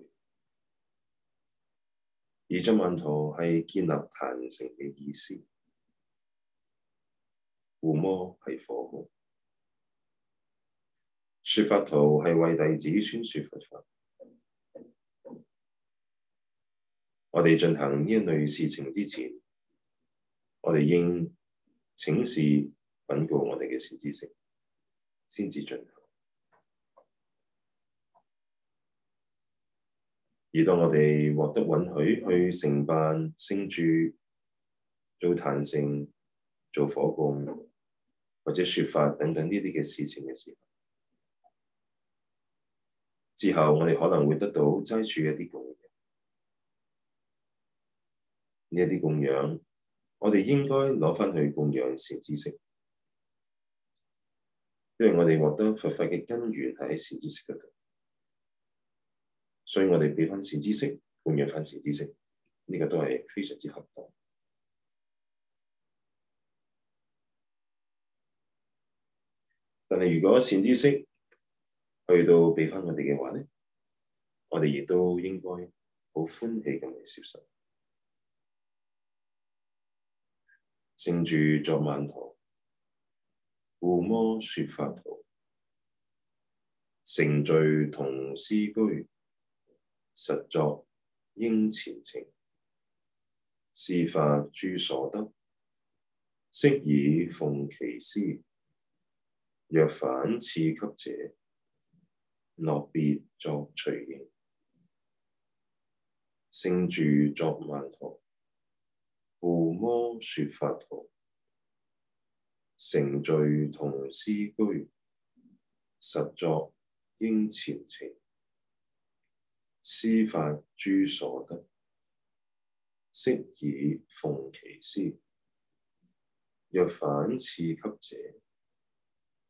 而作曼茶係建立壇城嘅意思，護摩係火供，説法徒係為弟子宣説佛法。我哋進行呢一類事情之前，我哋應請示稟告我哋嘅善知識，先至進行。而當我哋獲得允許去承辦聖住、做壇城、做火供或者説法等等呢啲嘅事情嘅時候，之後我哋可能會得到齋住一啲供養，呢一啲供養，我哋應該攞翻去供養善知識，因為我哋獲得佛法嘅根源係喺善知識度。所以我哋俾翻善知識，換養翻善知識，呢、這個都係非常之合當。但係如果善知識去到畀翻我哋嘅話咧，我哋亦都應該好歡喜咁嚟接受。聖住作曼茶，護摩説法徒，城聚同師居。實作應前呈，施法諸所得，悉以奉其師。若返賜給者，樂別作隨應。聖住作曼茶，護摩說法徒，城聚同師居。實作應前呈。施法諸所得，悉以奉其師。若返賜給者，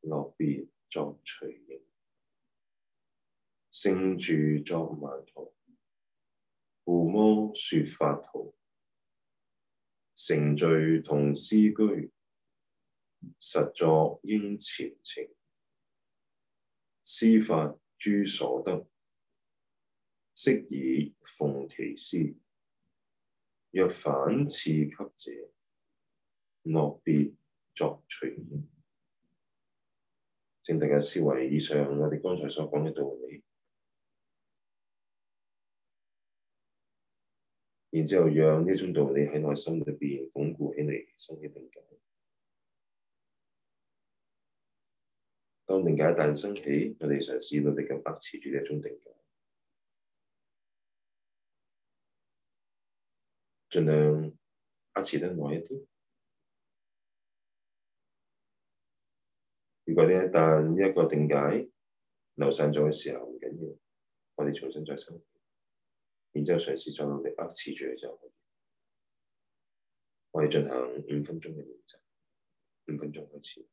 樂別作隨應。聖住作曼茶，護摩說法徒，城聚同師居，實作應前呈。施法諸所得。悉以奉其師，若返賜給者，樂別作隨應。正定嘅思維，以上我哋剛才所講嘅道理，然之後讓呢種道理喺內心裏邊鞏固起嚟，新嘅定解。當定解誕生起，我哋嘗試努力咁把持住呢一種定解。盡量壓持得耐一啲。如果呢，但呢一個定解流散咗嘅時候唔緊要，我哋重新再收，然之後嘗試再努力壓持住就可以。我哋進行五分鐘嘅練習，五分鐘開始。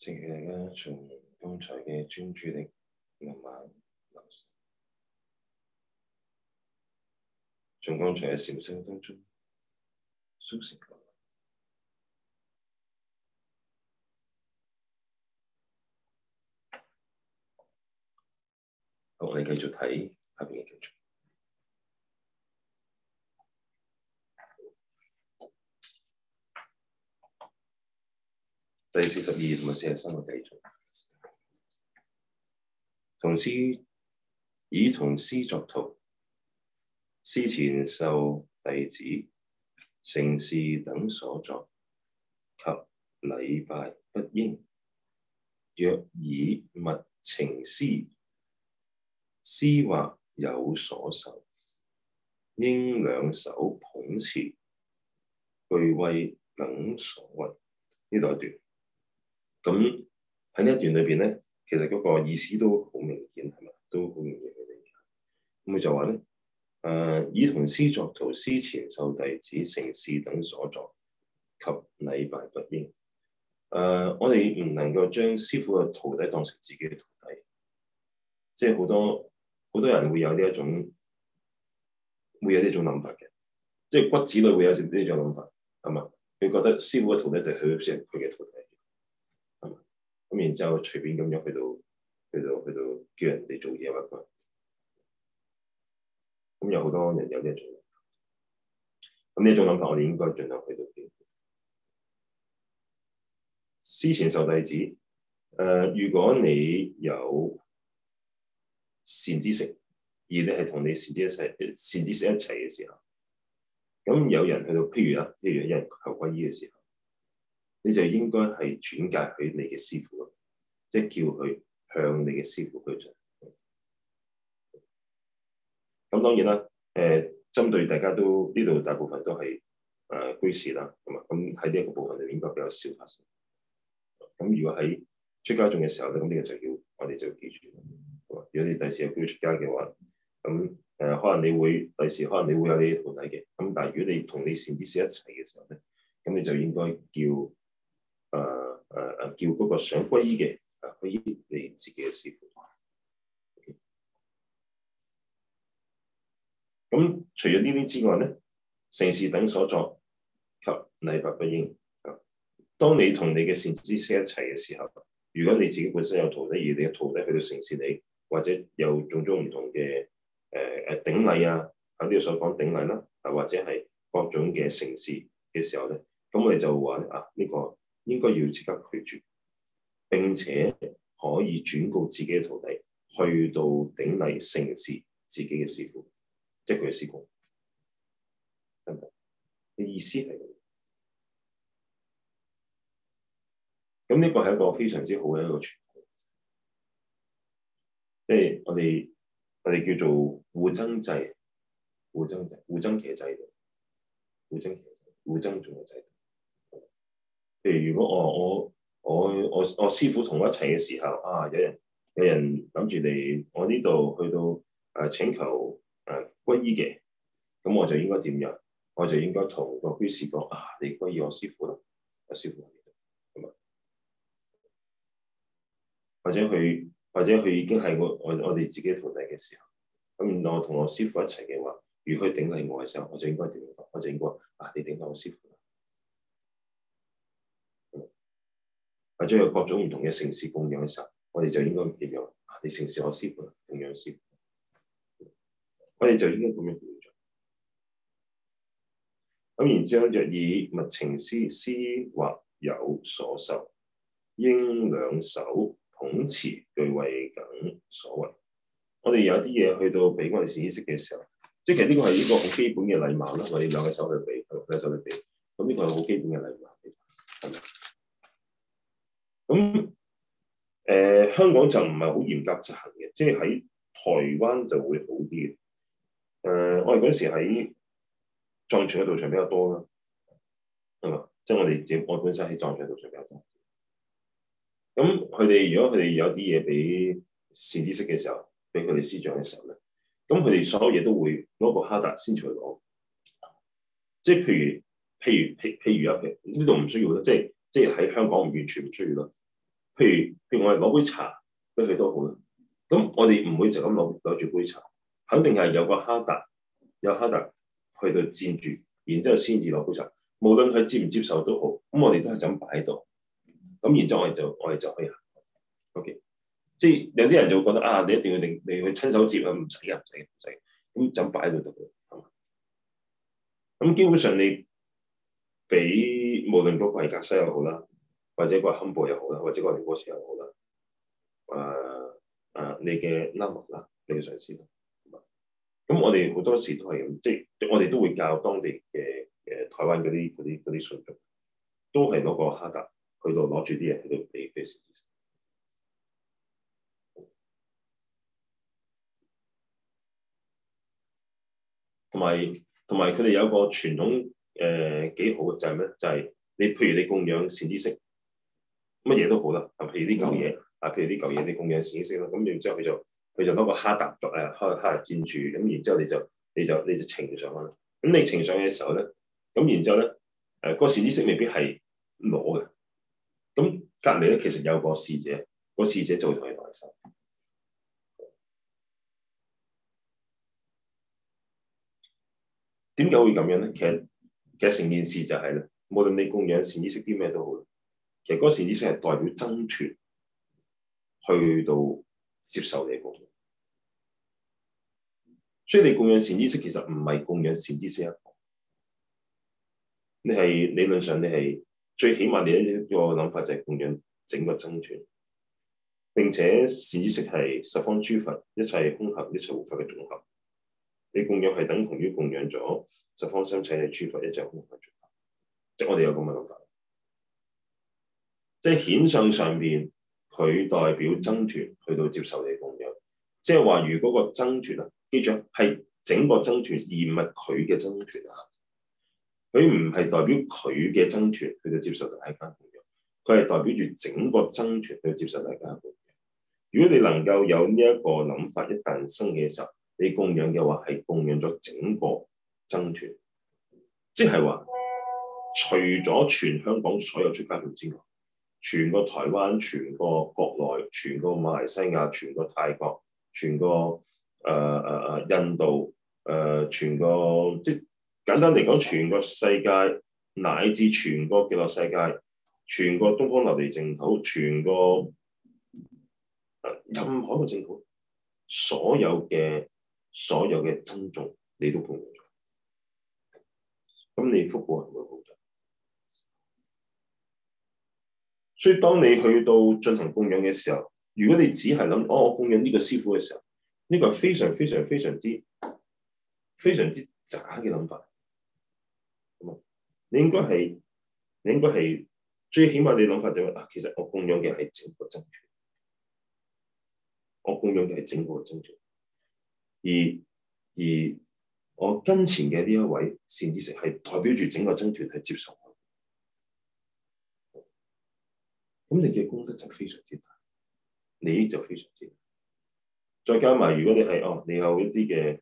正如大家從剛才嘅專注力慢慢流失，從剛才嘅笑聲當中甦醒落嚟。好，我哋繼續睇下邊嘅鏡頭。第四十二同埋四十三嘅第二段，同師以同師作徒，師前受弟子、承事等所作及禮拜不應，若以物呈師，師或有所受，應兩手捧持，具慧謹所為。呢度一段。咁喺呢一段裏邊咧，其實嗰個意思都好明顯，係嘛？都好明顯嘅。咁佢就話咧：誒、呃，以同師作徒，師前受弟子，承事等所作及禮拜不應。誒、呃，我哋唔能夠將師傅嘅徒弟當成自己嘅徒弟。即係好多好多人會有呢一種會有呢一種諗法嘅，即係骨子裏會有呢種諗法，係嘛？佢覺得師傅嘅徒弟就係佢，就係佢嘅徒弟。咁然之後隨便咁樣去到去到去到叫人哋做嘢乜鬼？咁有好多人有啲人做，咁呢一種諗法我哋應該盡量去到避免。師前受弟子，誒、呃，如果你有善知識，而你係同你善知識一齊善知識一齊嘅時候，咁有人去到，譬如啊，譬如有人求皈依嘅時候。你就應該係轉介佢，你嘅師傅即係叫佢向你嘅師傅去做。咁當然啦，誒、呃，針對大家都呢度大部分都係誒、呃、居士啦，咁啊，咁喺呢一個部分就應該比較少發生。咁如果喺出家眾嘅時候咧，咁呢個就要我哋就要記住。如果你第時要出家嘅話，咁誒、呃、可能你會第時可能你會有啲徒弟嘅，咁但係如果你同你善知識一齊嘅時候咧，咁你就應該叫。誒誒誒，叫嗰個想皈依嘅誒皈依你自己嘅師父。咁、okay. 除咗呢啲之外咧，承事等所作，及禮拜不應。啊、當你同你嘅善知識一齊嘅時候，如果你自己本身有徒弟，而你嘅徒弟去到承事裏，或者有種種唔同嘅誒誒頂禮啊，喺呢度所講頂禮啦、啊，啊或者係各種嘅承事嘅時候咧，咁我哋就話啊呢、呢個。應該要即刻拒絕，並且可以轉告自己嘅徒弟，去到頂禮承事自己嘅師傅，即係佢嘅師公，得唔得？嘅意思係咁、這個。呢個係一個非常之好嘅一個傳統，即係我哋我哋叫做互增制、互增制、互增其制、互增其制、互增仲有制。譬如如果我我我我 我師傅同我一齊嘅時候，啊有人有人諗住嚟我呢度去到誒請求誒歸依嘅，咁、呃呃嗯、我就應該點樣？我就應該同個居士講啊，你歸依我師傅啦，阿師傅。咁啊，或者佢或者佢已經係個我我哋自己徒弟嘅時候，咁我同我師傅一齊嘅話，如果佢頂禮我嘅時候，我就應該點講？我就應該啊，你頂禮我師傅。或者有各種唔同嘅城市供養嘅時候，我哋就應該要有你城市學師傅、供養師傅，我哋就應該咁樣做。咁然之後，若以物呈師，師或有所受，應兩手捧持，具慧謹所為。我哋有啲嘢去到俾我哋展示嘅時候，即係呢個係一個好基本嘅禮貌啦。我哋兩隻手去俾，兩隻手去俾，咁呢個係好基本嘅禮貌。咁誒、呃、香港就唔係好嚴格執行嘅，即係喺台灣就會好啲嘅。誒、呃，我哋嗰陣時喺藏傳嘅道場比較多啦，係嘛？即係我哋自我本身喺藏傳道場比較多。咁佢哋如果佢哋有啲嘢俾善知識嘅時候，俾佢哋師長嘅時候咧，咁佢哋所有嘢都會攞個哈達先出去攞。即係譬如譬如譬譬如啊，譬如呢度唔需要咯，即係即係喺香港完全唔需要咯。譬如，譬如我哋攞杯茶俾佢都好啦。咁我哋唔會就咁攞攞住杯茶，肯定係有個哈達有哈達去到佔住，然之後先至攞杯茶。無論佢接唔接受都好，咁我哋都係咁擺喺度。咁然之後我哋就我哋就可以。行。O K，即係有啲人就會覺得啊，你一定要令你去親手接啊，唔使啊，唔使唔使。咁就擺喺度得嘅。係嘛？咁基本上你俾無論嗰份係格西又好啦。或者個 humble 又好啦，或者個仁波切又好啦，誒、呃、誒、呃，你嘅 number 啦，你嘅上司啦，咁、嗯、我哋好多時都係咁，即係我哋都會教當地嘅誒、呃、台灣嗰啲啲啲信眾，都係攞個哈達去到攞住啲嘢喺度 display 同埋同埋佢哋有，有，有個傳統誒幾、呃、好嘅就係咩？就係、是就是、你譬如你供養善知識。乜嘢都好啦，啊，譬如呢嚿嘢，啊，譬如呢嚿嘢，你供養善知識啦，咁然之後佢就佢就攞個哈達誒蝦蝦嚟佔住，咁然之後你就你就你就呈上啦，咁你呈上嘅時候咧，咁然之後咧，誒個善知識未必係攞嘅，咁隔離咧其實有個侍者，個侍者就會同你代手。點解會咁樣咧？其實其實成件事就係、是、啦，無論你供養善知識啲咩都好。其實嗰個善知識係代表掙脫，去到接受你嘅供養。所以你供養善知識其實唔係供養善知識一個，你係理論上你係最起碼你一個諗法就係供養整個掙脫，並且善知識係十方諸佛一切空行一切護法嘅綜合。你供養係等同於供養咗十方三世嘅諸佛一切空行諸法，即係我哋有咁嘅諗法。即係顯相上邊，佢代表僧團去到接受你供養。即係話，如果個僧團啊，記住係整個僧團，而唔係佢嘅僧團啊。佢唔係代表佢嘅僧團，佢就接受大家供養。佢係代表住整個僧團去接受大家供養。如果你能夠有呢一個諗法一旦生嘅時候，你供養嘅話係供養咗整個僧團，即係話除咗全香港所有出家人之外，全個台灣、全個國內、全個馬來西亞、全個泰國、全個誒誒誒印度、誒、呃、全個即係簡單嚟講，全個世界乃至全個角落世界、全個東方琉璃淨土、全個誒、呃、任何一個政府，所有嘅所有嘅珍重你都冇咗，咁你福報係咪好？所以當你去到進行供養嘅時候，如果你只係諗哦，我供養呢個師傅嘅時候，呢個係非常非常非常之非常之渣嘅諗法。咁啊，你應該係你應該係最起碼你諗法就係、是、啊，其實我供養嘅係整個僧團，我供養嘅係整個僧團，而而我跟前嘅呢一位善知識係代表住整個僧團係接受咁你嘅功德就非常之大，利益就非常之大。再加埋，如果你係哦，你有一啲嘅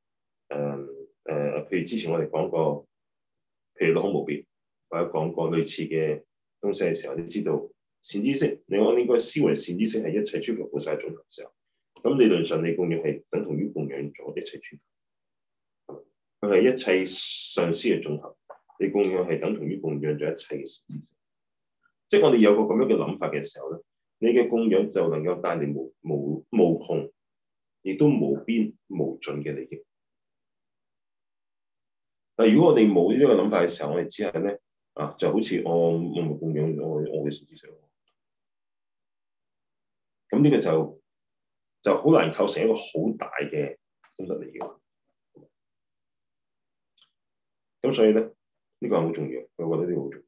誒誒，譬如之前我哋講過，譬如六好無別或者講過類似嘅東西嘅時候，你知道善知識，你講呢個思維善知識係一切諸佛菩薩總合嘅時候，咁理論上你供養係等同於供養咗一切諸佛，佢係一切上師嘅總合，你供養係等同於供養咗一切嘅善知識。即係我哋有個咁樣嘅諗法嘅時候咧，你嘅供養就能夠帶你無無無窮，亦都無邊無盡嘅利益。但如果我哋冇呢個諗法嘅時候，我哋只係咧啊，就好似、哦、我唔係供養我我嘅事上。咁呢個就就好難構成一個好大嘅功德利益。咁所以咧，呢、呢個係好重要，我覺得呢個好重要。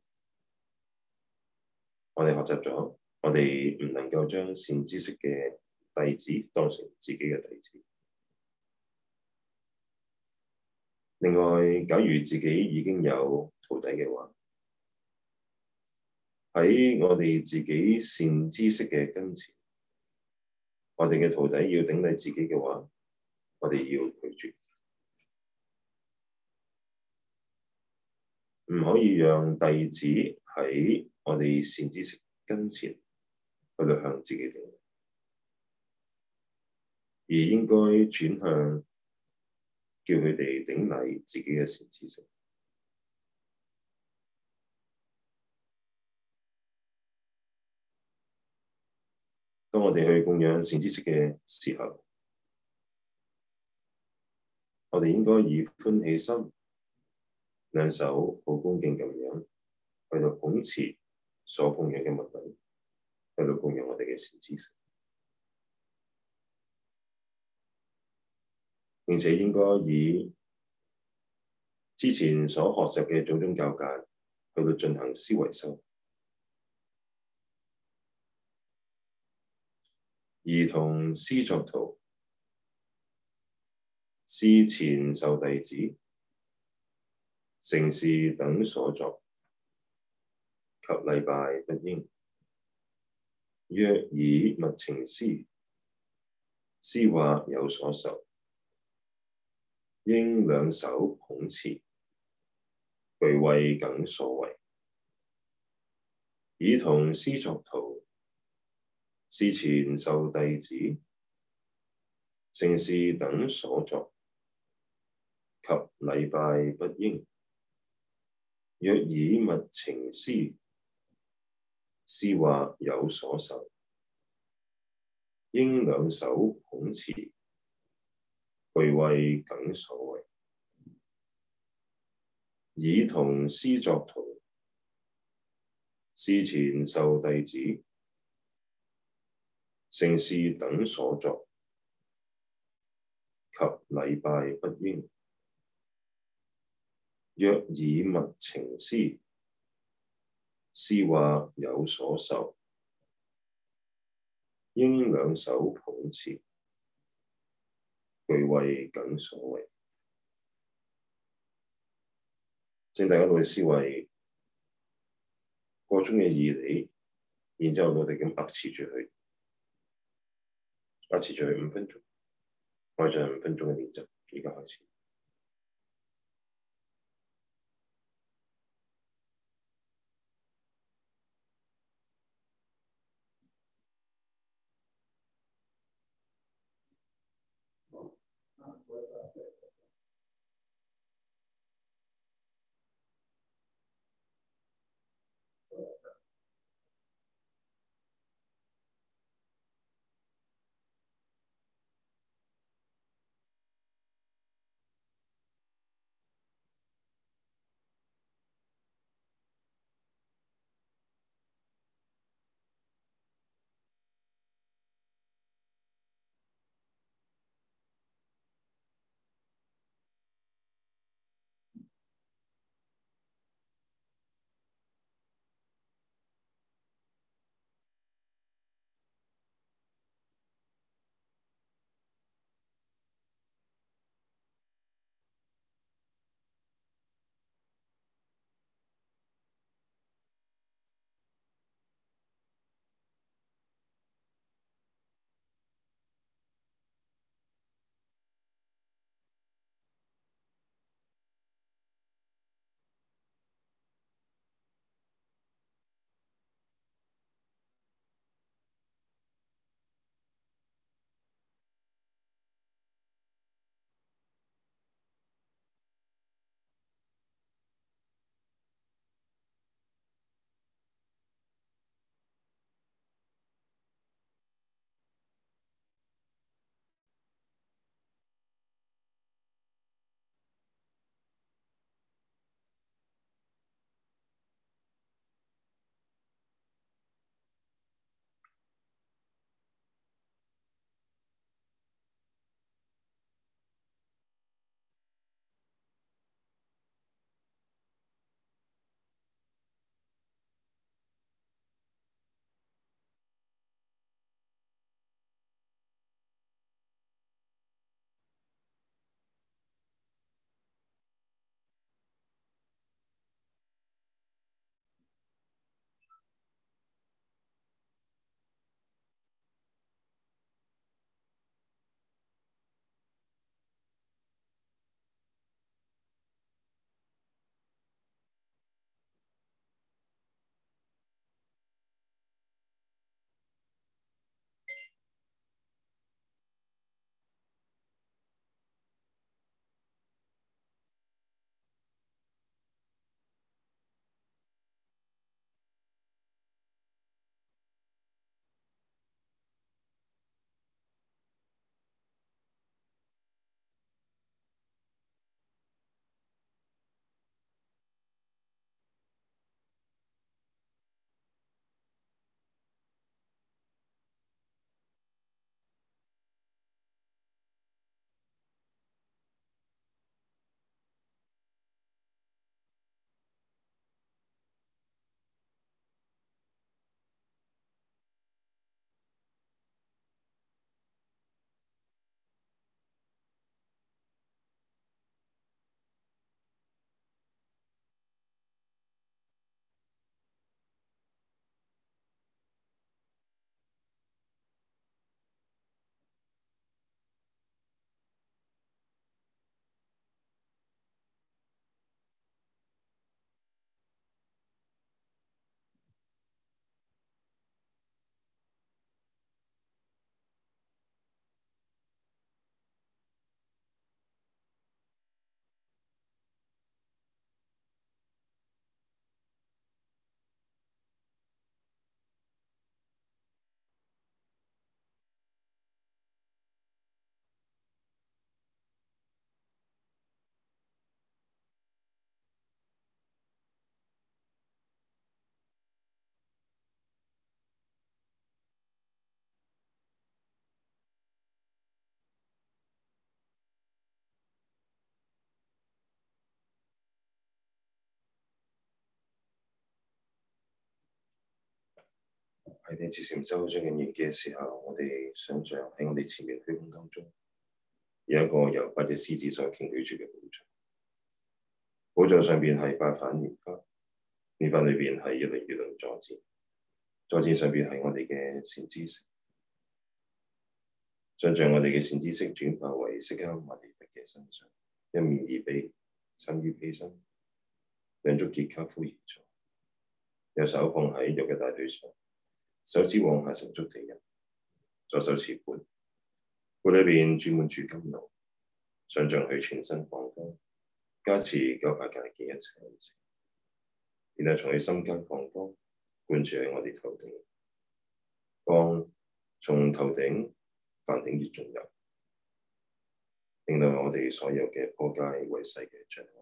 我哋學習咗，我哋唔能夠將善知識嘅弟子當成自己嘅弟子。另外，假如自己已經有徒弟嘅話，喺我哋自己善知識嘅跟前，我哋嘅徒弟要頂禮自己嘅話，我哋要拒絕，唔可以讓弟子喺我哋善知識跟前去到向自己頂禮，而應該轉向叫佢哋頂禮自己嘅善知識。當我哋去供養善知識嘅時候，我哋應該以歡喜心、兩手好恭敬咁樣去到捧持。所供養嘅物品，去到供養我哋嘅善知識，而且應該以之前所學習嘅種種教誡去到進行思維修，以同師作徒、師前受弟子、承事等所作。及禮拜不應，若以物呈師，師或有所受，應兩手捧持，具慧謹所為，以同師作徒，師前受弟子、承事等所作，及禮拜不應，若以物呈師。師或有所受，應兩手捧持，具慧謹所為。以同師作徒，師前受弟子、承事等所作及禮拜，不應若以物呈師。師或有所受，應兩手捧持，具慧謹所為。請大家努力思維，個中嘅意義。然之後努力咁把持住佢，把持住佢五分鐘。我係進行五分鐘嘅練習，而家開始。喺你次漸收縮嘅熱嘅時候，我哋想像喺我哋前面虛空當中有一個由八隻獅子所傾舉住嘅寶座，寶座上邊係八瓣蓮花，蓮花裏邊係一輪月輪在戰，在戰上邊係我哋嘅善知識，想像我哋嘅善知識轉化為釋迦牟尼佛嘅身上，一面耳被身於起身，兩足結跏趺而坐，右手放喺肉嘅大腿上。手指往下成足地印，左手持罐，罐裏邊專門住金龍，想象佢全身放光，加持九界大千一切，然後從佢心間放光，灌注喺我哋頭頂，光從頭頂泛頂而進入，令到我哋所有嘅破戒違誓嘅障礙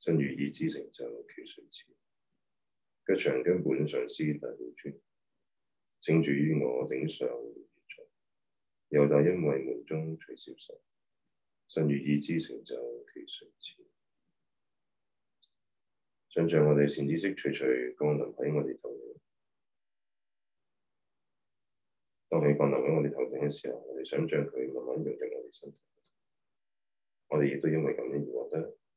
身如以知成就其善智，吉祥根本上師大寶尊，請住於我頂上存在。由大因位門中取消失，身如以知成就其善智。想象我哋善知識徐徐降臨喺我哋頭頂，當佢降臨喺我哋頭頂嘅時候，我哋想象佢慢慢融入我哋身體。我哋亦都因為咁而獲得。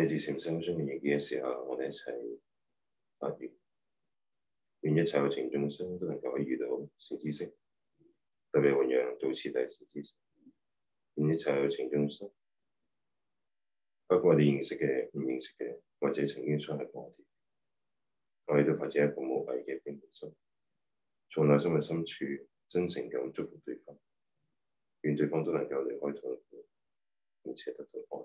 在自信心上面遇見嘅時候，我哋一齊發願，願一切有情眾生都能夠遇到善知識，特別係讓到此大師知識，願一切有情眾生，包括我哋認識嘅、唔認識嘅，或者曾經傷害過我哋，我哋都發展一個無畏嘅平等心，從內心嘅深處，真誠咁祝福對方，願對方都能夠離開痛苦，並且得到安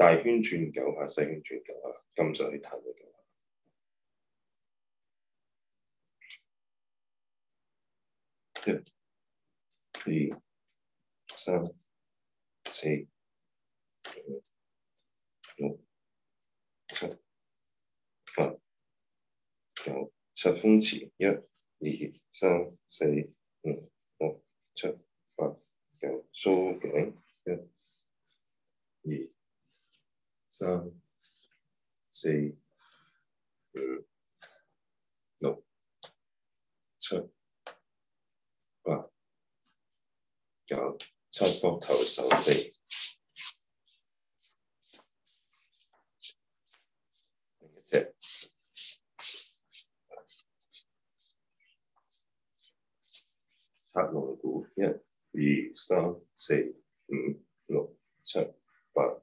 大圈轉九下，細圈轉九下，咁上去彈一彈。一、二、三、四、五、六、七、八、九。七風池一、二、三、四、五、六、七、八、九。梳頸一、二。三、四、五、六、七、八、九，七八頭手地。睇下先，七個數：一、二、三、四、五、六、七、八。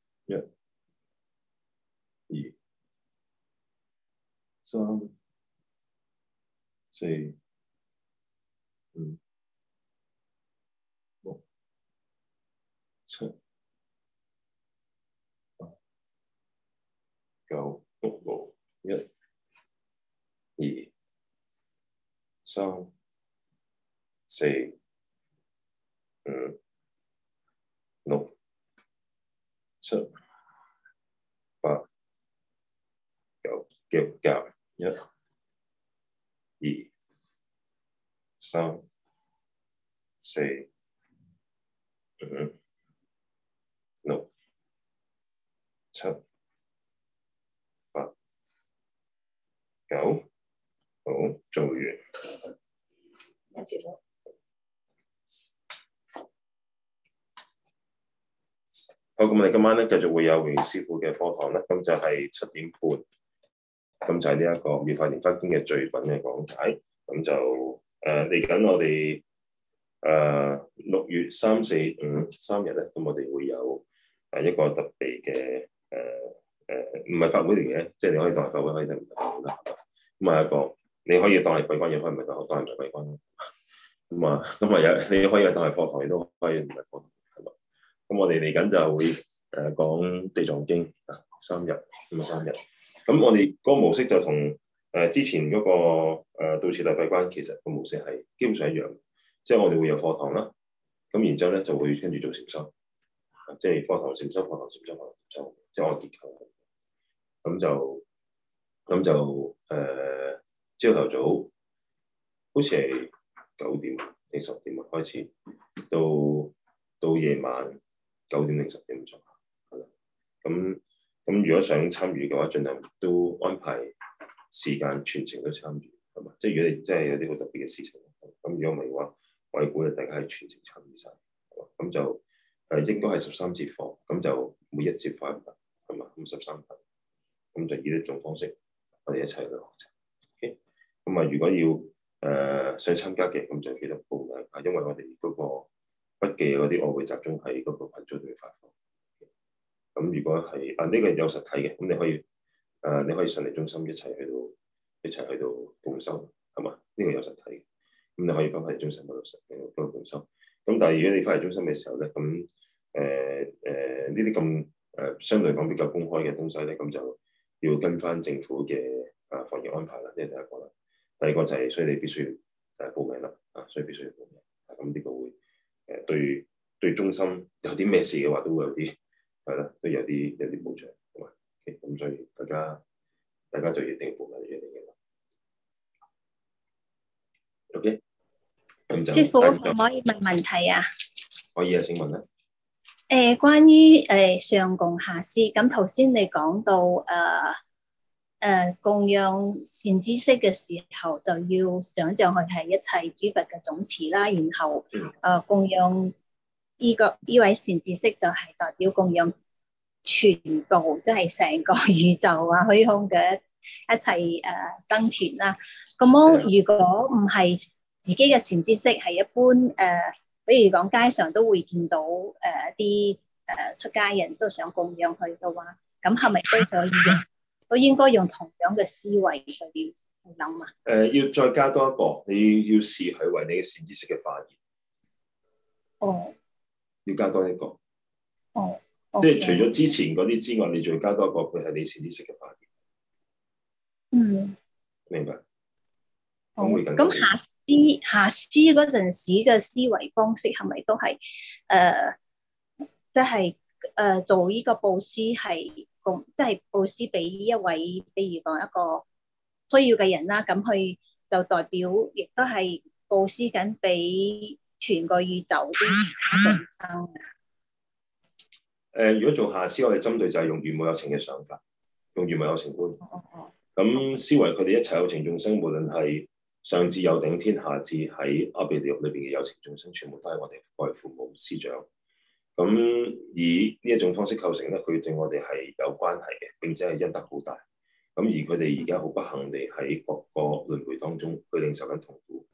一、二、三、四、五、六、七、八、九、十、一、二、三、四、五、六、七、八、九、交叉，一、二、三、四、五、六、七、八、九，好，做完。好，咁我哋今晚咧繼續會有榮師傅嘅課堂咧，咁就係七點半，咁就係呢一個《妙法蓮花經》嘅最基本嘅講解。咁就誒嚟緊，我哋誒六月三四五三日咧，咁我哋會有誒一個特別嘅誒誒，唔係法會嚟嘅，即係你可以當係法會，可以當唔係法會啦。咁係一個，你可以當係閉關，亦可以唔係當係唔係閉關。咁啊，咁啊有，你可以當係課堂，亦都可以唔係課堂。咁我哋嚟緊就會誒講地藏經啊，三日，今日三日。咁我哋嗰個模式就同誒之前嗰、那個、呃、大禮拜閉關其實個模式係基本上一樣。即係我哋會有課堂啦，咁然之後咧就會跟住做禪修，即係課堂禪修，課堂禪修，課堂禪修，即係我結構。咁就咁就誒朝頭早好似係九點定十點開始，到到夜晚。九點零十點鐘，係啦。咁咁，如果想參與嘅話，盡量都安排時間全程都參與，係嘛？即係如果你真係有啲好特別嘅事情，咁如果唔係嘅話，我哋估計大家係全程參與晒。咁就誒、呃、應該係十三節課，咁就每一節課一分，係嘛？咁十三分，咁就以呢種方式，我哋一齊去學習。咁啊，如果要誒、呃、想參加嘅，咁就記得報名，係因為我哋嗰、那個。筆記嗰啲我會集中喺嗰個群組度發放。咁如果係啊呢、這個有實體嘅，咁你可以誒、啊、你可以上嚟中心一齊去到一齊去到共修。係嘛？呢、這個有實體，咁你可以翻嚟中心嗰度實，度共修。咁但係如果你翻嚟中心嘅時候咧，咁誒誒呢啲咁誒相對嚟講比較公開嘅東西咧，咁就要跟翻政府嘅啊防疫安排啦，呢係第一個啦。第二個就係、是、所以你必須要誒報名啦，啊所以必須要報名，咁呢、這個。對，對中心有啲咩事嘅話，都會有啲係啦，都有啲有啲補償，係咪？咁所以大家大家就要定保緊住嚟嘅啦。O K，咁就。Okay? 師傅可唔可以問問題啊？可以啊，請問。誒、呃，關於誒、呃、上供下施，咁頭先你講到誒。呃誒、呃、供養善知識嘅時候，就要想像佢係一切諸佛嘅總持啦。然後誒、呃、供養依、這個依位善知識，就係代表供養全部，即係成個宇宙啊、虛空嘅一一切誒僧團啦。咁樣如果唔係自己嘅善知識，係一般誒、呃，比如講街上都會見到一啲誒出家人都想供養佢嘅話，咁係咪都可以？ 我應該用同樣嘅思維去去諗啊！誒、呃，要再加多一個，你要，要視佢為你嘅善知識嘅化現。哦。Oh. 要加多一個。哦。即係除咗之前嗰啲之外，你再加多一個，佢係你善知識嘅化現。嗯、mm。Hmm. 明白。哦。咁、oh. 下思下思嗰陣時嘅思維方式係咪都係誒？即係誒做呢個布施係。共即係布施俾一位，比如講一個需要嘅人啦，咁佢就代表亦都係布施緊俾全個宇宙啲眾生誒，如果做下師，我哋針對就係用圓滿有情嘅想法，用圓滿有情觀。哦、哦、咁思維佢哋一切有情眾生，無論係上至有頂天，下至喺阿鼻地獄裏邊嘅有情眾生，全部都係我哋為父母師長。咁、嗯、以呢一種方式構成咧，佢對我哋係有關係嘅，並且係恩德好大。咁、嗯、而佢哋而家好不幸地喺各個輪迴當中，佢領受緊痛苦。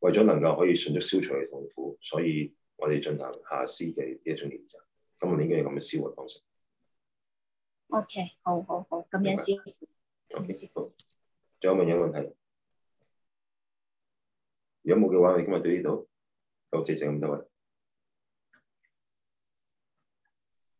為咗能夠可以迅速消除佢痛苦，所以我哋進行下師嘅一種練習。咁我哋應該係咁嘅思維方式。O K，好好好，咁樣先。O K，好。仲有問樣有問題。如果冇嘅話，你我哋今日到呢度，夠謝謝咁多位。